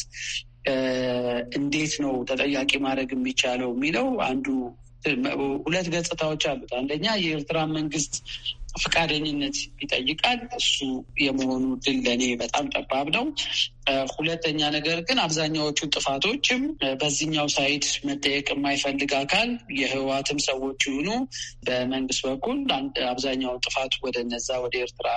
እንዴት ነው ተጠያቂ ማድረግ የሚቻለው የሚለው አንዱ ሁለት ገጽታዎች አሉት። አንደኛ የኤርትራ መንግስት ፈቃደኝነት ይጠይቃል። እሱ የመሆኑ ድል ለእኔ በጣም ጠባብ ነው። ሁለተኛ ነገር ግን አብዛኛዎቹ ጥፋቶችም በዚህኛው ሳይት መጠየቅ የማይፈልግ አካል የህወሓትም ሰዎች ይሁኑ በመንግስት በኩል አብዛኛው ጥፋት ወደ ነዛ ወደ ኤርትራ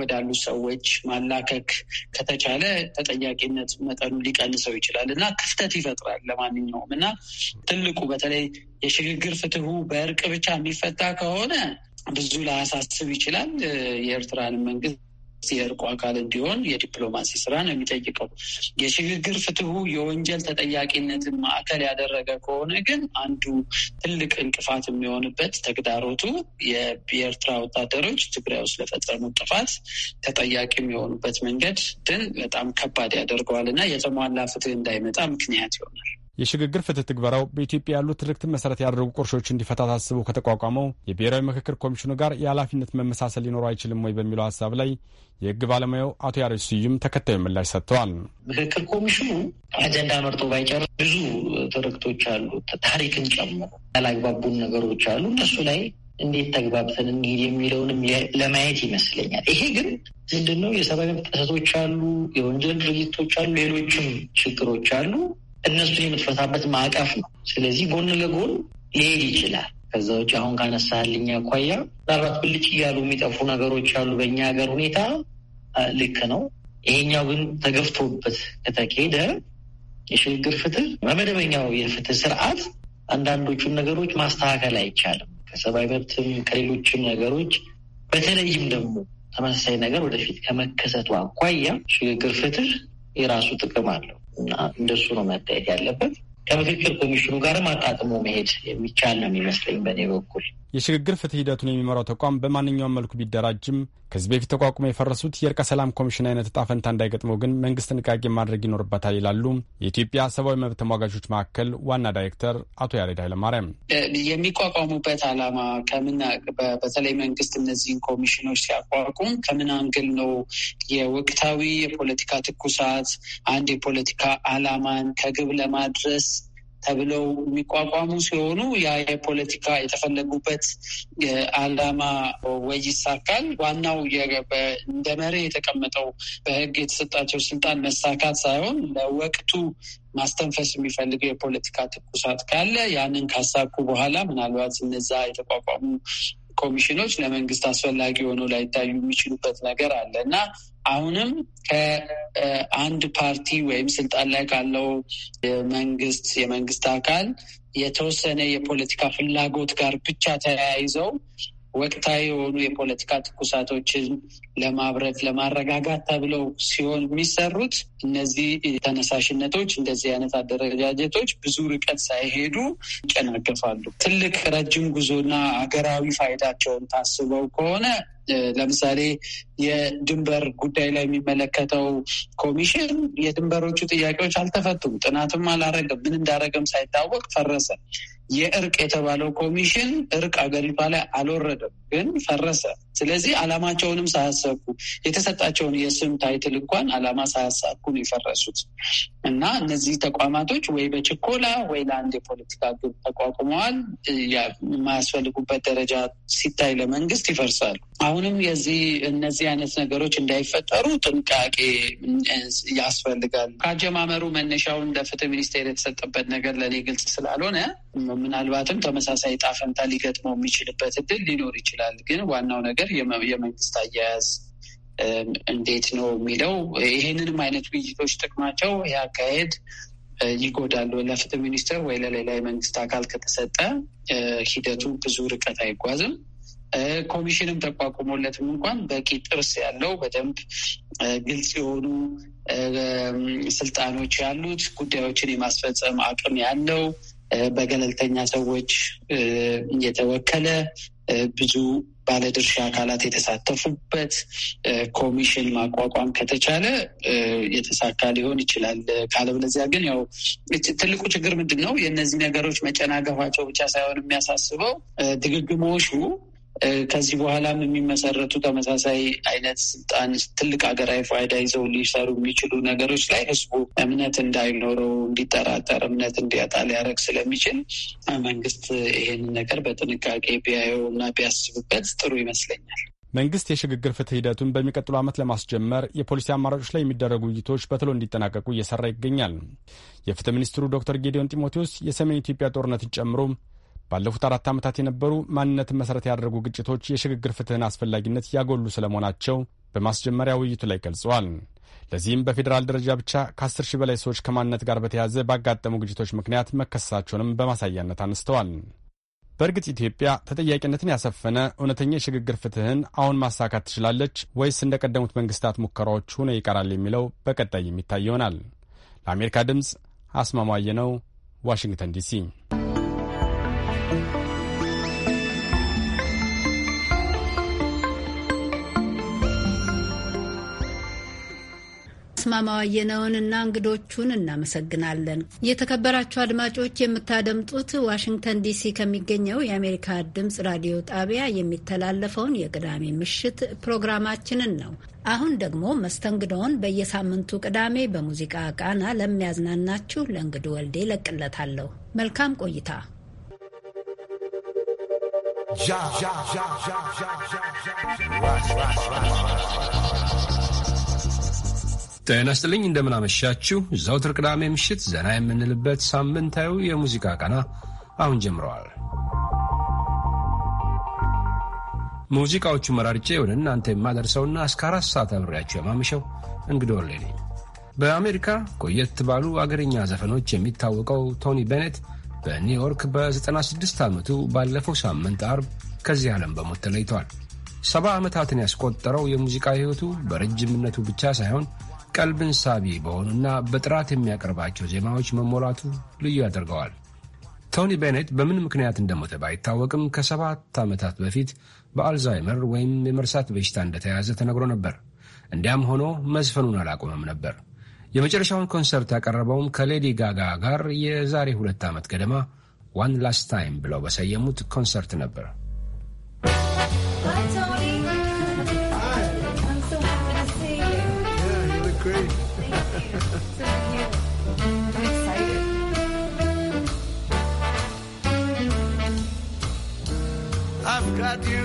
ወዳሉ ሰዎች ማላከክ ከተቻለ ተጠያቂነት መጠኑ ሊቀንሰው ይችላል እና ክፍተት ይፈጥራል ለማንኛውም እና ትልቁ በተለይ የሽግግር ፍትሁ በእርቅ ብቻ የሚፈታ ከሆነ ብዙ ላያሳስብ ይችላል የኤርትራን መንግስት የእርቁ አካል እንዲሆን የዲፕሎማሲ ስራ ነው የሚጠይቀው። የሽግግር ፍትሁ የወንጀል ተጠያቂነትን ማዕከል ያደረገ ከሆነ ግን አንዱ ትልቅ እንቅፋት የሚሆንበት ተግዳሮቱ የኤርትራ ወታደሮች ትግራይ ውስጥ ለፈጸሙት ጥፋት ተጠያቂ የሚሆኑበት መንገድ ግን በጣም ከባድ ያደርገዋል እና የተሟላ ፍትህ እንዳይመጣ ምክንያት ይሆናል። የሽግግር ፍትህ ትግበራው በኢትዮጵያ ያሉ ትርክትን መሰረት ያደረጉ ቁርሾች እንዲፈታ ታስቦ ከተቋቋመው የብሔራዊ ምክክር ኮሚሽኑ ጋር የኃላፊነት መመሳሰል ሊኖረው አይችልም ወይ በሚለው ሀሳብ ላይ የህግ ባለሙያው አቶ ያሬች ስዩም ተከታዩ ምላሽ ሰጥተዋል። ምክክር ኮሚሽኑ አጀንዳ መርጦ ባይጨርስ ብዙ ትርክቶች አሉ፣ ታሪክን ጨምሮ ያላግባቡን ነገሮች አሉ። እነሱ ላይ እንዴት ተግባብተን እንሂድ የሚለውንም ለማየት ይመስለኛል። ይሄ ግን ምንድነው የሰብአዊ መብት ጥሰቶች አሉ፣ የወንጀል ድርጊቶች አሉ፣ ሌሎችም ችግሮች አሉ። እነሱን የምትፈታበት ማዕቀፍ ነው። ስለዚህ ጎን ለጎን ሊሄድ ይችላል። ከዛ ውጭ አሁን ካነሳልኝ አኳያ ምናልባት ብልጭ እያሉ የሚጠፉ ነገሮች አሉ በእኛ ሀገር ሁኔታ ልክ ነው። ይሄኛው ግን ተገፍቶበት ከተካሄደ የሽግግር ፍትህ በመደበኛው የፍትህ ስርዓት አንዳንዶቹን ነገሮች ማስተካከል አይቻልም። ከሰብአዊ መብትም ከሌሎችም ነገሮች በተለይም ደግሞ ተመሳሳይ ነገር ወደፊት ከመከሰቱ አኳያ ሽግግር ፍትህ የራሱ ጥቅም አለው። እና እንደሱ ነው መታየት ያለበት። ከምክክር ኮሚሽኑ ጋርም አጣጥሞ መሄድ የሚቻል ነው የሚመስለኝ በእኔ በኩል። የሽግግር ፍትህ ሂደቱን የሚመራው ተቋም በማንኛውም መልኩ ቢደራጅም ከዚህ በፊት ተቋቁሞ የፈረሱት የእርቀ ሰላም ኮሚሽን አይነት እጣ ፈንታ እንዳይገጥመው ግን መንግስት ጥንቃቄ ማድረግ ይኖርበታል ይላሉ የኢትዮጵያ ሰብአዊ መብት ተሟጋቾች ማዕከል ዋና ዳይሬክተር አቶ ያሬድ ኃይለማርያም። የሚቋቋሙበት ዓላማ ከምን በተለይ መንግስት እነዚህን ኮሚሽኖች ሲያቋቁም ከምን አንግል ነው የወቅታዊ የፖለቲካ ትኩሳት አንድ የፖለቲካ አላማን ከግብ ለማድረስ ተብለው የሚቋቋሙ ሲሆኑ ያ የፖለቲካ የተፈለጉበት አላማ ወይ ይሳካል። ዋናው እንደ መሪ የተቀመጠው በህግ የተሰጣቸው ስልጣን መሳካት ሳይሆን ለወቅቱ ማስተንፈስ የሚፈልገው የፖለቲካ ትኩሳት ካለ ያንን ካሳኩ በኋላ ምናልባት እነዛ የተቋቋሙ ኮሚሽኖች ለመንግስት አስፈላጊ ሆኖ ላይታዩ የሚችሉበት ነገር አለ እና አሁንም ከአንድ ፓርቲ ወይም ስልጣን ላይ ካለው የመንግስት የመንግስት አካል የተወሰነ የፖለቲካ ፍላጎት ጋር ብቻ ተያይዘው ወቅታዊ የሆኑ የፖለቲካ ትኩሳቶችን ለማብረት ለማረጋጋት ተብለው ሲሆን የሚሰሩት እነዚህ ተነሳሽነቶች እንደዚህ አይነት አደረጃጀቶች ብዙ ርቀት ሳይሄዱ ይጨናገፋሉ። ትልቅ ረጅም ጉዞና ሀገራዊ ፋይዳቸውን ታስበው ከሆነ ለምሳሌ የድንበር ጉዳይ ላይ የሚመለከተው ኮሚሽን የድንበሮቹ ጥያቄዎች አልተፈቱም፣ ጥናትም አላረገም፣ ምን እንዳረገም ሳይታወቅ ፈረሰ። የእርቅ የተባለው ኮሚሽን እርቅ አገሪቷ ላይ አልወረደም፣ ግን ፈረሰ። ስለዚህ አላማቸውንም ሳያሳኩ የተሰጣቸውን የስም ታይትል እንኳን አላማ ሳያሳኩ ነው የፈረሱት እና እነዚህ ተቋማቶች ወይ በችኮላ ወይ ለአንድ የፖለቲካ ግብ ተቋቁመዋል። የማያስፈልጉበት ደረጃ ሲታይ ለመንግስት ይፈርሳሉ። አሁንም የዚህ እነዚህ አይነት ነገሮች እንዳይፈጠሩ ጥንቃቄ ያስፈልጋል። ከአጀማመሩ መነሻውን ለፍትህ ሚኒስቴር የተሰጠበት ነገር ለእኔ ግልጽ ስላልሆነ ምናልባትም ተመሳሳይ ጣፈንታ ሊገጥመው የሚችልበት እድል ሊኖር ይችላል። ግን ዋናው ነገር የመንግስት አያያዝ እንዴት ነው የሚለው ይሄንንም አይነት ውይይቶች ጥቅማቸው ይህ አካሄድ ይጎዳሉ ለፍትህ ሚኒስቴር ወይ ለሌላ የመንግስት አካል ከተሰጠ ሂደቱ ብዙ ርቀት አይጓዝም። ኮሚሽንም ተቋቁሞለትም እንኳን በቂ ጥርስ ያለው በደንብ ግልጽ የሆኑ ስልጣኖች ያሉት ጉዳዮችን የማስፈጸም አቅም ያለው በገለልተኛ ሰዎች የተወከለ ብዙ ባለድርሻ አካላት የተሳተፉበት ኮሚሽን ማቋቋም ከተቻለ የተሳካ ሊሆን ይችላል። ካለበለዚያ ግን ያው ትልቁ ችግር ምንድን ነው? የእነዚህ ነገሮች መጨናገፋቸው ብቻ ሳይሆን የሚያሳስበው ድግግሞሹ ከዚህ በኋላም የሚመሰረቱ ተመሳሳይ አይነት ስልጣን ትልቅ ሀገራዊ ፋይዳ ይዘው ሊሰሩ የሚችሉ ነገሮች ላይ ህዝቡ እምነት እንዳይኖረው እንዲጠራጠር፣ እምነት እንዲያጣ ሊያደርግ ስለሚችል መንግስት ይህን ነገር በጥንቃቄ ቢያየው እና ቢያስብበት ጥሩ ይመስለኛል። መንግስት የሽግግር ፍትህ ሂደቱን በሚቀጥሉ ዓመት ለማስጀመር የፖሊሲ አማራጮች ላይ የሚደረጉ ውይይቶች በቶሎ እንዲጠናቀቁ እየሰራ ይገኛል። የፍትህ ሚኒስትሩ ዶክተር ጌዲዮን ጢሞቴዎስ የሰሜን ኢትዮጵያ ጦርነትን ጨምሮ ባለፉት አራት ዓመታት የነበሩ ማንነትን መሠረት ያደረጉ ግጭቶች የሽግግር ፍትህን አስፈላጊነት ያጎሉ ስለመሆናቸው በማስጀመሪያ ውይይቱ ላይ ገልጸዋል። ለዚህም በፌዴራል ደረጃ ብቻ ከ10 ሺህ በላይ ሰዎች ከማንነት ጋር በተያያዘ ባጋጠሙ ግጭቶች ምክንያት መከሰሳቸውንም በማሳያነት አንስተዋል። በእርግጥ ኢትዮጵያ ተጠያቂነትን ያሰፈነ እውነተኛ የሽግግር ፍትህን አሁን ማሳካት ትችላለች ወይስ እንደ ቀደሙት መንግስታት ሙከራዎች ሆኖ ይቀራል የሚለው በቀጣይ የሚታይ ይሆናል። ለአሜሪካ ድምፅ አስማማየ ነው፣ ዋሽንግተን ዲሲ። አስማማ ዋየነውንና እንግዶቹን እናመሰግናለን። የተከበራችሁ አድማጮች የምታደምጡት ዋሽንግተን ዲሲ ከሚገኘው የአሜሪካ ድምፅ ራዲዮ ጣቢያ የሚተላለፈውን የቅዳሜ ምሽት ፕሮግራማችንን ነው። አሁን ደግሞ መስተንግዶውን በየሳምንቱ ቅዳሜ በሙዚቃ ቃና ለሚያዝናናችሁ ለእንግዱ ወልዴ ለቅለታለሁ። መልካም ቆይታ። ja, ja, ja, ja, ja, ja ጤና ስጥልኝ እንደምናመሻችሁ። ዘውትር ቅዳሜ ምሽት ዘና የምንልበት ሳምንታዊ የሙዚቃ ቀና አሁን ጀምረዋል። ሙዚቃዎቹ መራርጬ ወደ እናንተ የማደርሰውና እስከ አራት ሰዓት አብሬያችሁ የማመሸው እንግዲህ ወሌ ነኝ። በአሜሪካ ቆየት ባሉ አገርኛ ዘፈኖች የሚታወቀው ቶኒ ቤኔት በኒውዮርክ በ96 ዓመቱ ባለፈው ሳምንት አርብ ከዚህ ዓለም በሞት ተለይቷል። ሰባ ዓመታትን ያስቆጠረው የሙዚቃ ሕይወቱ በረጅምነቱ ብቻ ሳይሆን ቀልብን ሳቢ በሆኑና በጥራት የሚያቀርባቸው ዜማዎች መሞላቱ ልዩ ያደርገዋል። ቶኒ ቤኔት በምን ምክንያት እንደሞተ ባይታወቅም ከሰባት ዓመታት በፊት በአልዛይመር ወይም የመርሳት በሽታ እንደተያዘ ተነግሮ ነበር። እንዲያም ሆኖ መዝፈኑን አላቆመም ነበር። የመጨረሻውን ኮንሰርት ያቀረበውም ከሌዲ ጋጋ ጋር የዛሬ ሁለት ዓመት ገደማ ዋን ላስት ታይም ብለው በሰየሙት ኮንሰርት ነበር። Got you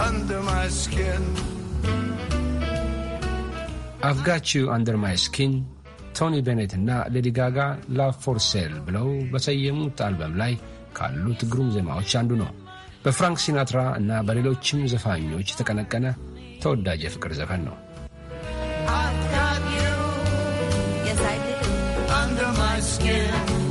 under my skin. I've got you under my skin ቶኒ ቤኔት እና ሌዲ ጋጋ ላቭ ፎር ሴል ብለው በሰየሙት አልበም ላይ ካሉት ግሩም ዜማዎች አንዱ ነው። በፍራንክ ሲናትራ እና በሌሎችም ዘፋኞች የተቀነቀነ ተወዳጅ የፍቅር ዘፈን ነው። I've got you. Yes, I did. Under my skin.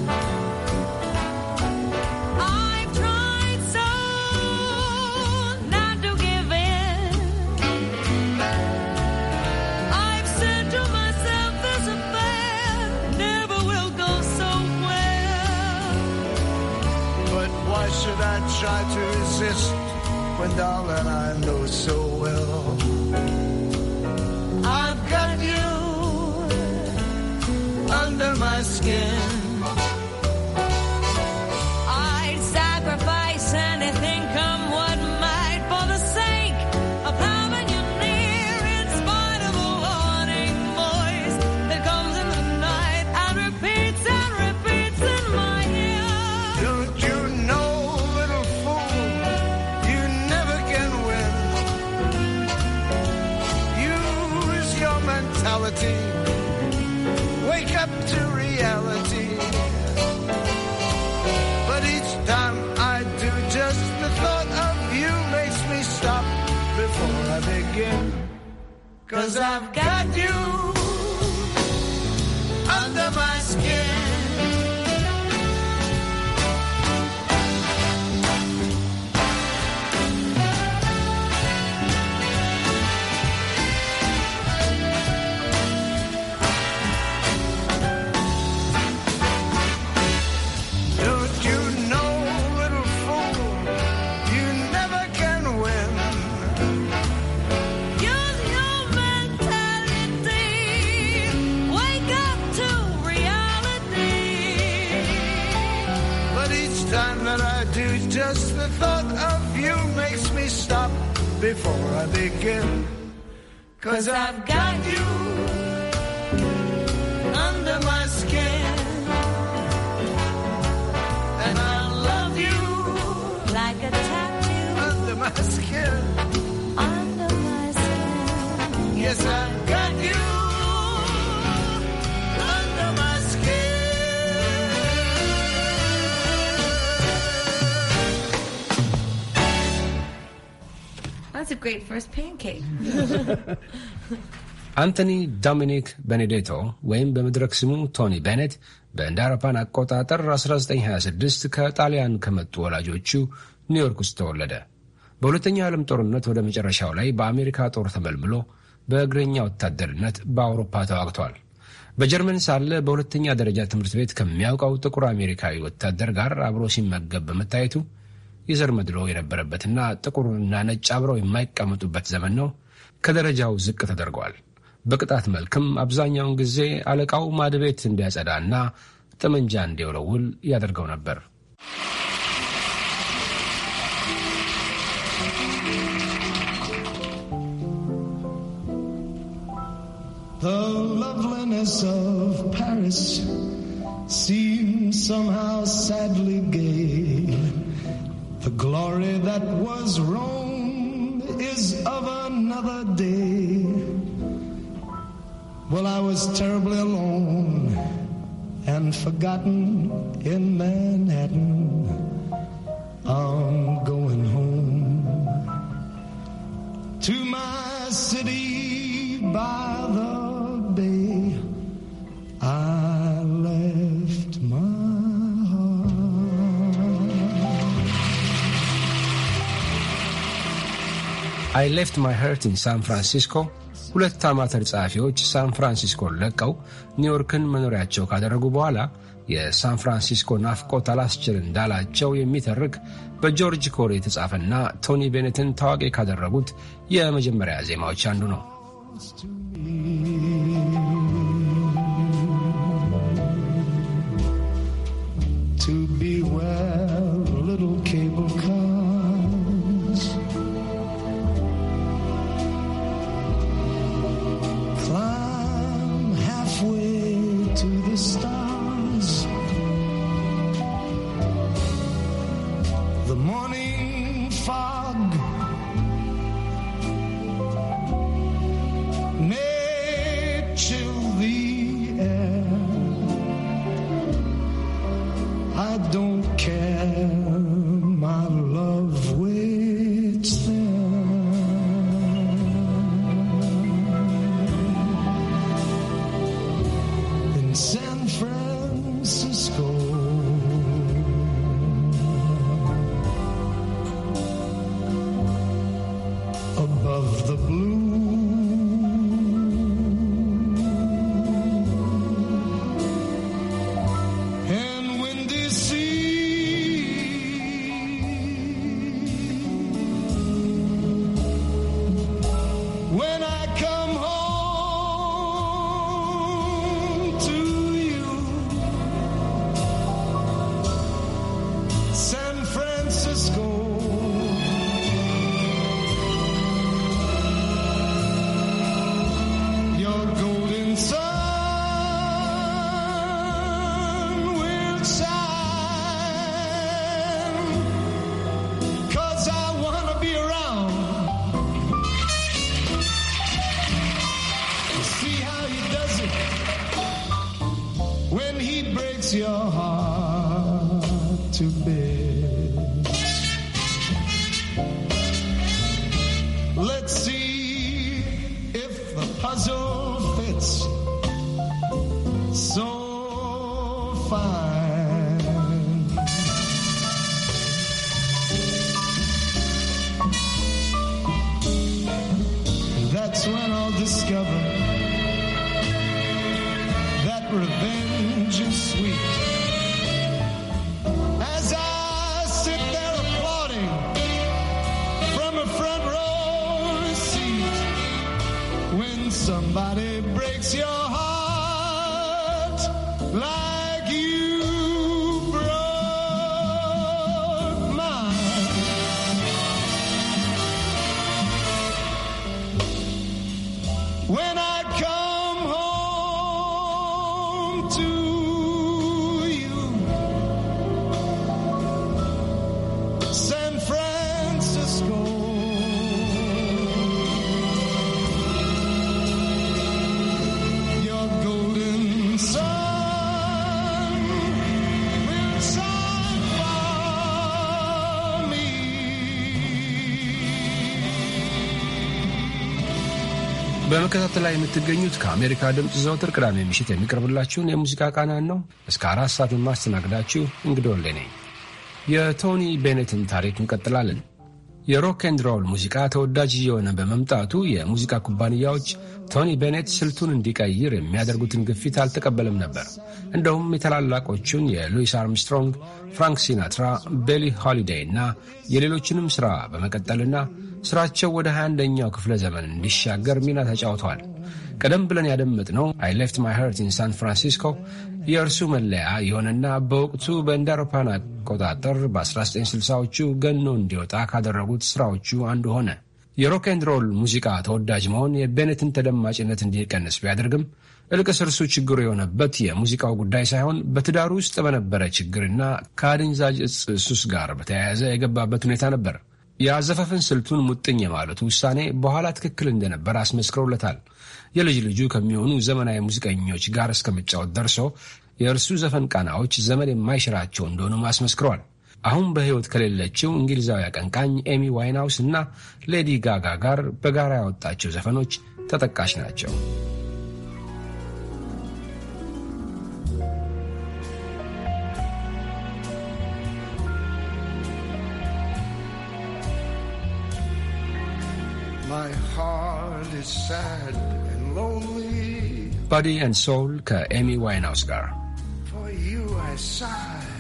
to resist when, darling, I know so well I've got you under my skin. Cause I've got each time that I do, just the thought of you makes me stop before I begin. Cause I've got you under my skin. And I love you like a tattoo under my skin. Under my skin. Yes, I አንቶኒ ዶሚኒክ ቤኔዴቶ ወይም በመድረክ ስሙ ቶኒ ቤኔት በእንደ አውሮፓን አቆጣጠር 1926 ከጣሊያን ከመጡ ወላጆቹ ኒውዮርክ ውስጥ ተወለደ። በሁለተኛው ዓለም ጦርነት ወደ መጨረሻው ላይ በአሜሪካ ጦር ተመልምሎ በእግረኛ ወታደርነት በአውሮፓ ተዋግቷል። በጀርመን ሳለ በሁለተኛ ደረጃ ትምህርት ቤት ከሚያውቀው ጥቁር አሜሪካዊ ወታደር ጋር አብሮ ሲመገብ በመታየቱ የዘር መድሎ የነበረበትና ጥቁርና ነጭ አብረው የማይቀመጡበት ዘመን ነው። ከደረጃው ዝቅ ተደርጓል። በቅጣት መልክም አብዛኛውን ጊዜ አለቃው ማድቤት እንዲያጸዳና ጠመንጃ እንዲወለውል ያደርገው ነበር። The loveliness of Paris seems somehow sadly gay. The glory that was Rome is of another day. Well, I was terribly alone and forgotten in Manhattan. I'm going home to my city by the አይ ሌፍት ማይ ሄርት ኢን ሳን ፍራንሲስኮ ሁለት አማተር ጸሐፊዎች ሳን ፍራንሲስኮን ለቀው ኒውዮርክን መኖሪያቸው ካደረጉ በኋላ የሳን ፍራንሲስኮ ናፍቆት አላስችል እንዳላቸው የሚተርክ በጆርጅ ኮር የተጻፈና ቶኒ ቤኔትን ታዋቂ ካደረጉት የመጀመሪያ ዜማዎች አንዱ ነው። San Francisco. በመከታተል ላይ የምትገኙት ከአሜሪካ ድምፅ ዘወትር ቅዳሜ ምሽት የሚቀርብላችሁን የሙዚቃ ቃናን ነው። እስከ አራት ሰዓት የማስተናግዳችሁ እንግዳ ነኝ። የቶኒ ቤኔትን ታሪክ እንቀጥላለን። የሮክ ኤንድ ሮል ሙዚቃ ተወዳጅ እየሆነ በመምጣቱ የሙዚቃ ኩባንያዎች ቶኒ ቤኔት ስልቱን እንዲቀይር የሚያደርጉትን ግፊት አልተቀበለም ነበር። እንደውም የታላላቆቹን የሉዊስ አርምስትሮንግ፣ ፍራንክ ሲናትራ፣ ቤሊ ሆሊዴይ እና የሌሎችንም ሥራ በመቀጠልና ስራቸው ወደ 21ኛው ክፍለ ዘመን እንዲሻገር ሚና ተጫውተዋል። ቀደም ብለን ያደመጥነው አይ ሌፍት ማይ ሀርት ኢን ሳን ፍራንሲስኮ የእርሱ መለያ የሆነና በወቅቱ በእንደ አውሮፓን አቆጣጠር በ1960ዎቹ ገኖ እንዲወጣ ካደረጉት ስራዎቹ አንዱ ሆነ። የሮክ ሙዚቃ ተወዳጅ መሆን የቤኔትን ተደማጭነት እንዲቀንስ ቢያደርግም እልቅስ እርሱ ችግሩ የሆነበት የሙዚቃው ጉዳይ ሳይሆን በትዳሩ ውስጥ በነበረ ችግርና ከአደንዛዥ እጽ ሱስ ጋር በተያያዘ የገባበት ሁኔታ ነበር። የአዘፋፈን ስልቱን ሙጥኝ የማለቱ ውሳኔ በኋላ ትክክል እንደነበር አስመስክሮለታል። የልጅ ልጁ ከሚሆኑ ዘመናዊ ሙዚቀኞች ጋር እስከመጫወት ደርሶ የእርሱ ዘፈን ቃናዎች ዘመን የማይሽራቸው እንደሆኑም አስመስክረዋል። አሁን በሕይወት ከሌለችው እንግሊዛዊ አቀንቃኝ ኤሚ ዋይንሃውስ እና ሌዲ ጋጋ ጋር በጋራ ያወጣቸው ዘፈኖች ተጠቃሽ ናቸው። my heart is sad and lonely. Body and soul, Emmy Amy Oscar. For you I sigh,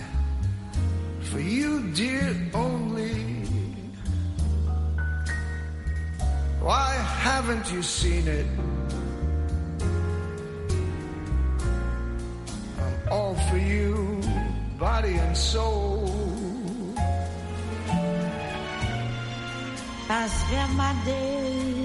for you dear only. Why haven't you seen it? I'm all for you, body and soul. Casve my day.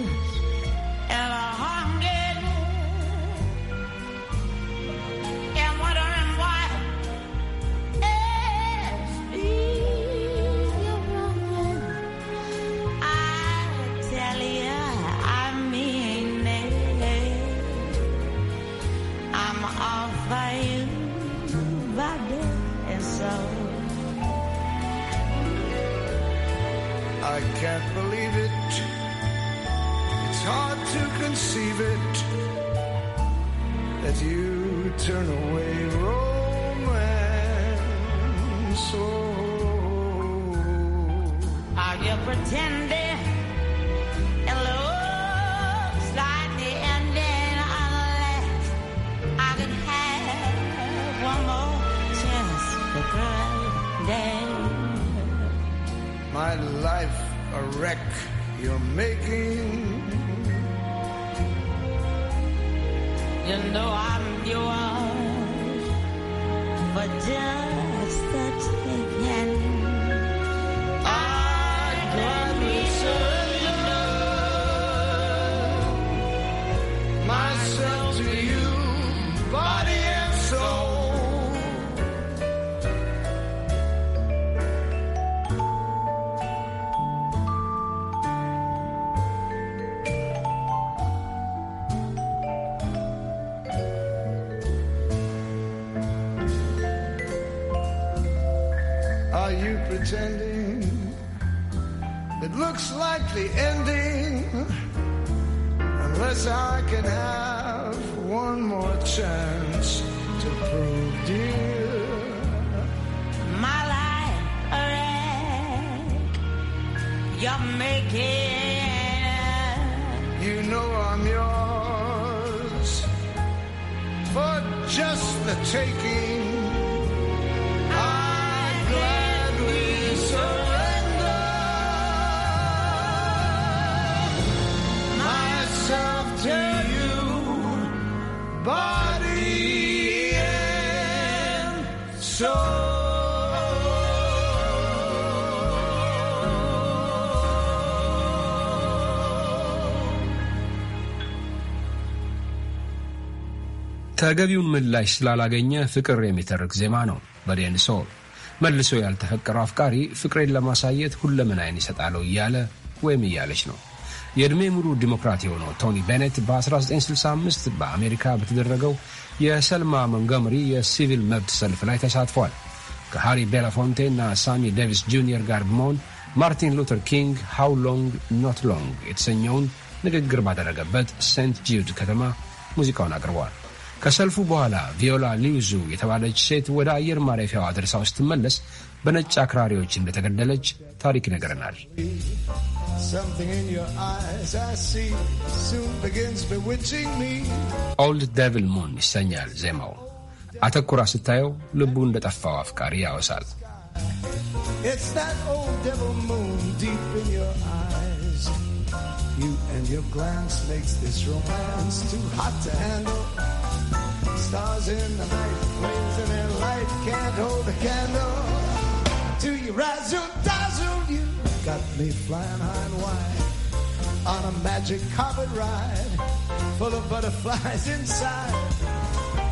pretending its ending. It looks like the ending, unless I can have one more chance to prove, dear, my life a wreck. You're making. You know I'm yours for just the taking. ተገቢውን ምላሽ ስላላገኘ ፍቅር የሚተርክ ዜማ ነው በዴን ሶል። መልሶ ያልተፈቀረው አፍቃሪ ፍቅሬን ለማሳየት አይን ይሰጣለሁ እያለ ወይም እያለች ነው። የዕድሜ ሙሉ ዲሞክራት የሆነው ቶኒ ቤኔት በ1965 በአሜሪካ በተደረገው የሰልማ መንጎመሪ የሲቪል መብት ሰልፍ ላይ ተሳትፏል። ከሃሪ ቤላፎንቴ እና ሳሚ ዴቪስ ጁኒየር ጋር በመሆን ማርቲን ሉተር ኪንግ ሃው ሎንግ ኖት ሎንግ የተሰኘውን ንግግር ባደረገበት ሴንት ጂውድ ከተማ ሙዚቃውን አቅርቧል። ከሰልፉ በኋላ ቪዮላ ሊውዙ የተባለች ሴት ወደ አየር ማረፊያዋ ደርሳ ስትመለስ በነጭ አክራሪዎች እንደተገደለች ታሪክ ይነግረናል። ኦልድ ደቪል ሙን ይሰኛል ዜማው። አተኩራ ስታየው ልቡ እንደ ጠፋው አፍቃሪ ያወሳል። You and your glance makes this romance too hot to handle. Stars in the night, flames in their light, can't hold a candle to your razzle dazzle. You got me flying high and wide on a magic carpet ride full of butterflies inside.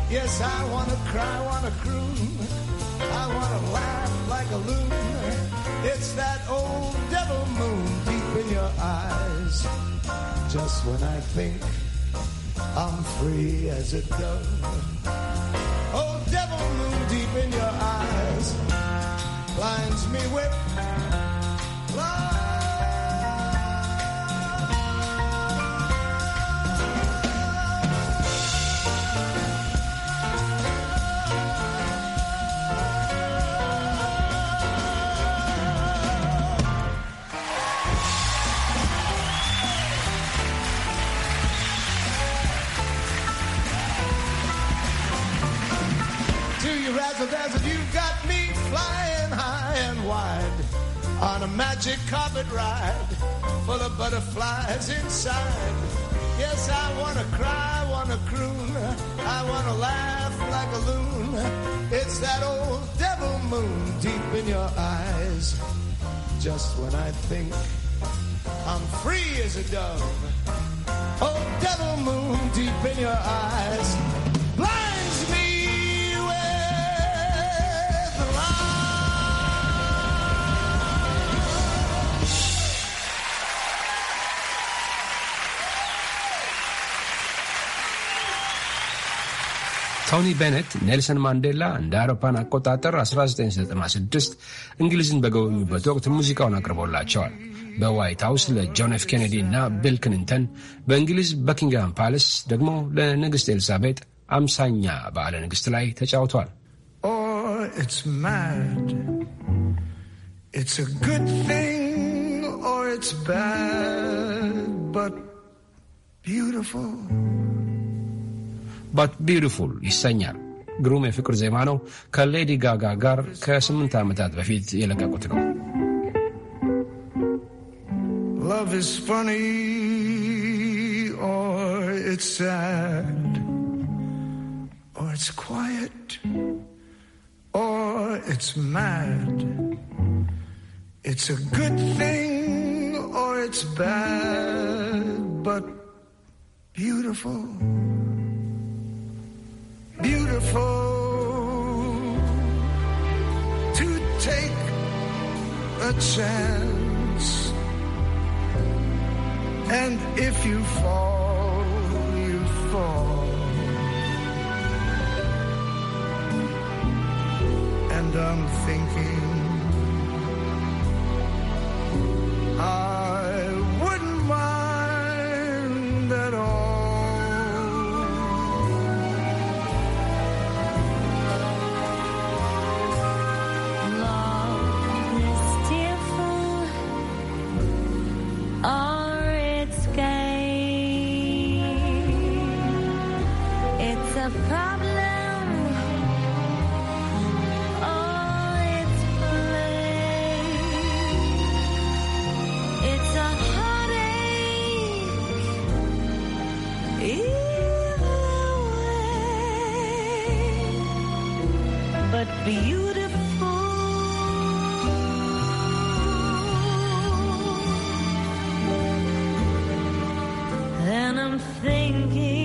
Yes, I wanna cry, wanna croon, I wanna laugh like a loon. It's that old devil moon deep in your eyes. Just when I think I'm free as a dove. Oh, devil moon deep in your eyes blinds me with love. as a desert, you've got me flying high and wide on a magic carpet ride full of butterflies inside. Yes, I wanna cry, wanna croon, I wanna laugh like a loon. It's that old devil moon deep in your eyes. Just when I think I'm free as a dove, old devil moon deep in your eyes. Blind ቶኒ ቤኔት ኔልሰን ማንዴላ እንደ አውሮፓን አቆጣጠር 1996 እንግሊዝን በጎበኙበት ወቅት ሙዚቃውን አቅርቦላቸዋል። በዋይት ሀውስ ለጆን ኤፍ ኬኔዲ እና ቢል ክሊንተን፣ በእንግሊዝ በኪንግሃም ፓለስ ደግሞ ለንግሥት ኤልሳቤጥ አምሳኛ በዓለ ንግሥት ላይ ተጫውቷል። oh, beautiful. ባት ቢዩቲፉል ይሰኛል። ግሩም የፍቅር ዜማ ነው። ከሌዲ ጋጋ ጋር ከስምንት ዓመታት በፊት የለቀቁት ነው። Love is funny or it's sad or it's quiet or it's mad. It's a good thing or it's bad, but beautiful beautiful to take a chance. And if you fall, you fall. And I'm thinking. I'm thinking.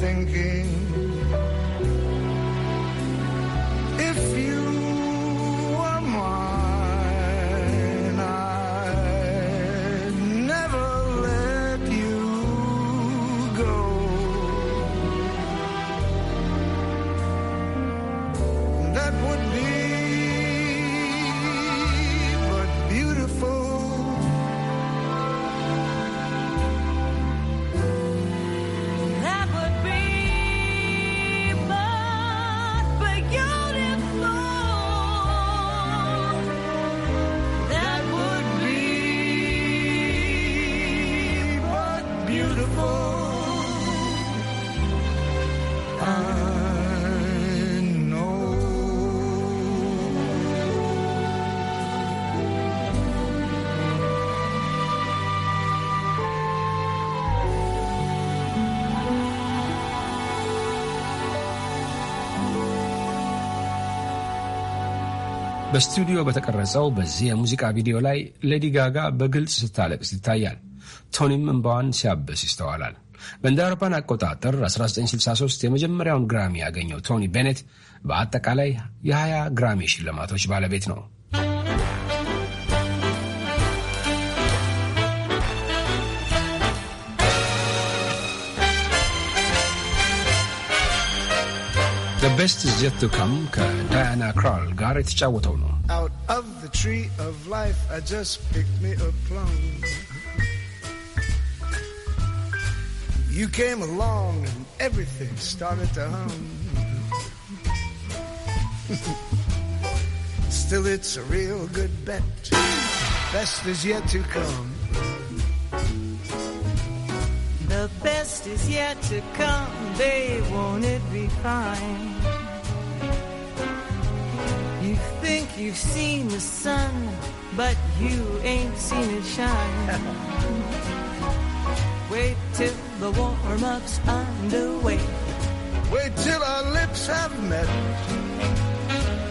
thinking በስቱዲዮ በተቀረጸው በዚህ የሙዚቃ ቪዲዮ ላይ ሌዲ ጋጋ በግልጽ ስታለቅስ ይታያል። ቶኒም እንባዋን ሲያበስ ይስተዋላል። በእንደ አውሮፓን አቆጣጠር 1963 የመጀመሪያውን ግራሚ ያገኘው ቶኒ ቤኔት በአጠቃላይ የ20 ግራሚ ሽልማቶች ባለቤት ነው። The Best Is Yet To Come ከዳያና ክራል ጋር የተጫወተው ነው። Out of the tree of life I just picked me a plum You came along and everything started to hum Still it's a real good bet Best is yet to come The best best is yet to come, babe, won't it be fine? You think you've seen the sun, but you ain't seen it shine. Wait till the warm-up's underway. Wait till our lips have met.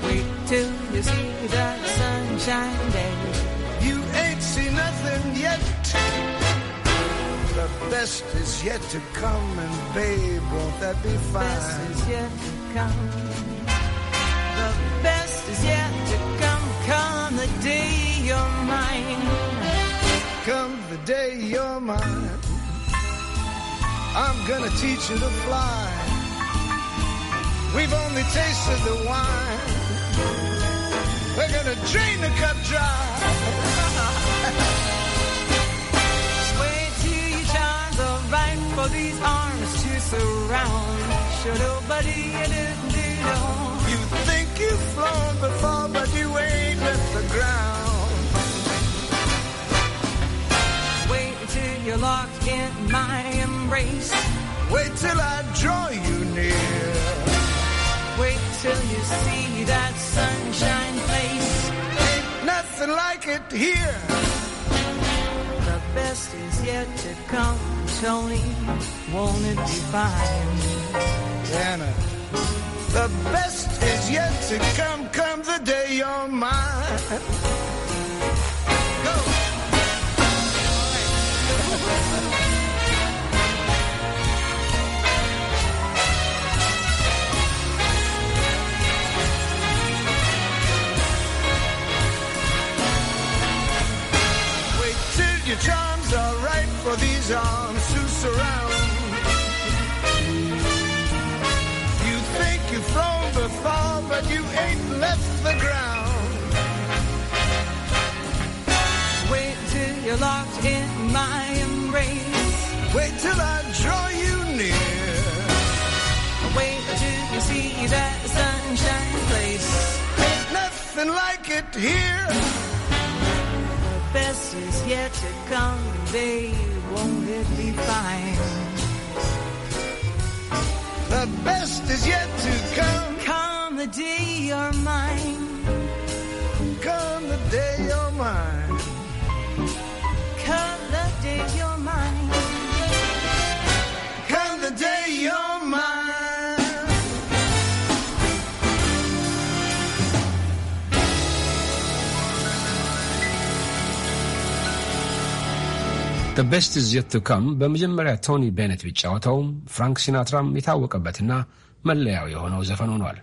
Wait till you see that sunshine day. best is yet to come, and babe, won't that be fine? The best is yet to come. The best is yet to come. Come the day you're mine. Come the day you're mine. I'm gonna teach you to fly. We've only tasted the wine. We're gonna drain the cup dry. for these arms to surround. Should nobody didn't know. You think you've flown before, but you ain't left the ground. Wait until you're locked in my embrace. Wait till I draw you near. Wait till you see that sunshine place. Ain't nothing like it here. The best is yet to come. Tony, won't it be fine? Anna, the best is yet to come, come the day you're mine. Go! Wait till your charms are ripe for these arms around. You think you've thrown the before, but you ain't left the ground. Wait till you're locked in my embrace. Wait till I draw you near. Wait till you see that sunshine place. Ain't nothing like it here. The best is yet to come, babe won't it be fine? The best is yet to come. Come the day you're mine. Come the day you're mine. Come the day you're ዘ ቤስት ኢዝ የት ቱ ካም በመጀመሪያ ቶኒ ቤነት ቢጫወተውም ፍራንክ ሲናትራም የታወቀበትና መለያው የሆነው ዘፈን ሆኗል።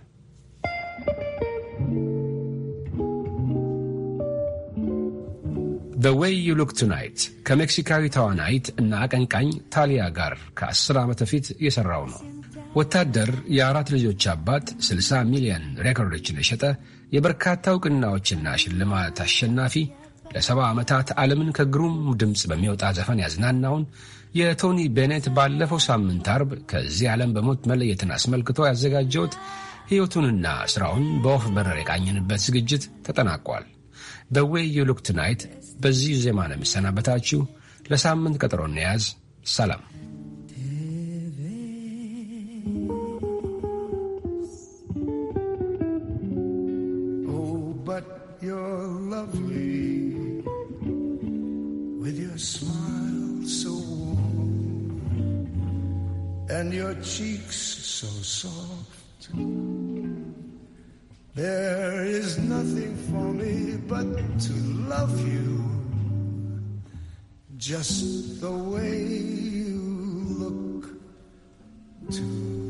ዘ ዌይ ዩ ሉክ ቱናይት ከሜክሲካዊ ተዋናይት እና አቀንቃኝ ታሊያ ጋር ከአስር ዓመት በፊት የሠራው ነው። ወታደር፣ የአራት ልጆች አባት፣ 60 ሚሊዮን ሬኮርዶችን የሸጠ የበርካታ እውቅናዎችና ሽልማት አሸናፊ ለሰባ ዓመታት ዓለምን ከግሩም ድምፅ በሚወጣ ዘፈን ያዝናናውን የቶኒ ቤኔት ባለፈው ሳምንት አርብ ከዚህ ዓለም በሞት መለየትን አስመልክቶ ያዘጋጀውት ሕይወቱንና ሥራውን በወፍ በረር የቃኝንበት ዝግጅት ተጠናቋል። ደዌይ የሉክ ትናይት በዚህ ዜማ ነው የሚሰናበታችሁ። ለሳምንት ቀጠሮ እንያዝ። ሰላም። oh, You're lovely. and your cheeks so soft. There is nothing for me but to love you just the way you look to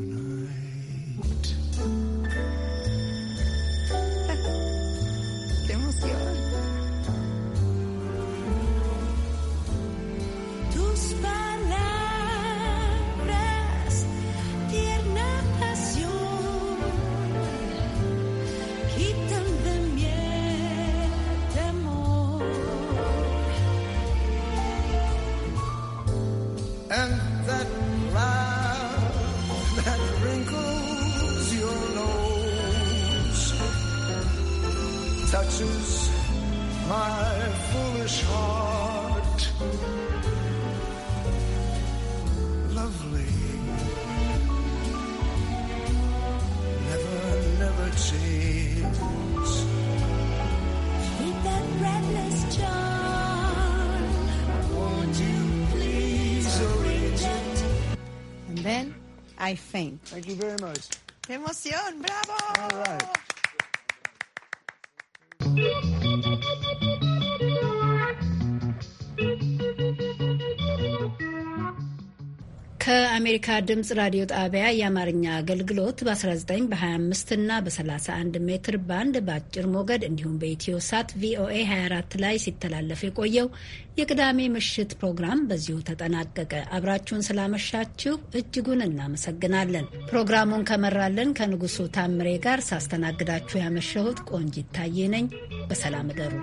የአሜሪካ ድምፅ ራዲዮ ጣቢያ የአማርኛ አገልግሎት በ19 በ25 እና በ31 ሜትር ባንድ በአጭር ሞገድ እንዲሁም በኢትዮ ሳት ቪኦኤ 24 ላይ ሲተላለፍ የቆየው የቅዳሜ ምሽት ፕሮግራም በዚሁ ተጠናቀቀ። አብራችሁን ስላመሻችሁ እጅጉን እናመሰግናለን። ፕሮግራሙን ከመራለን ከንጉሱ ታምሬ ጋር ሳስተናግዳችሁ ያመሸሁት ቆንጂት ታዬ ነኝ። በሰላም እደሩ።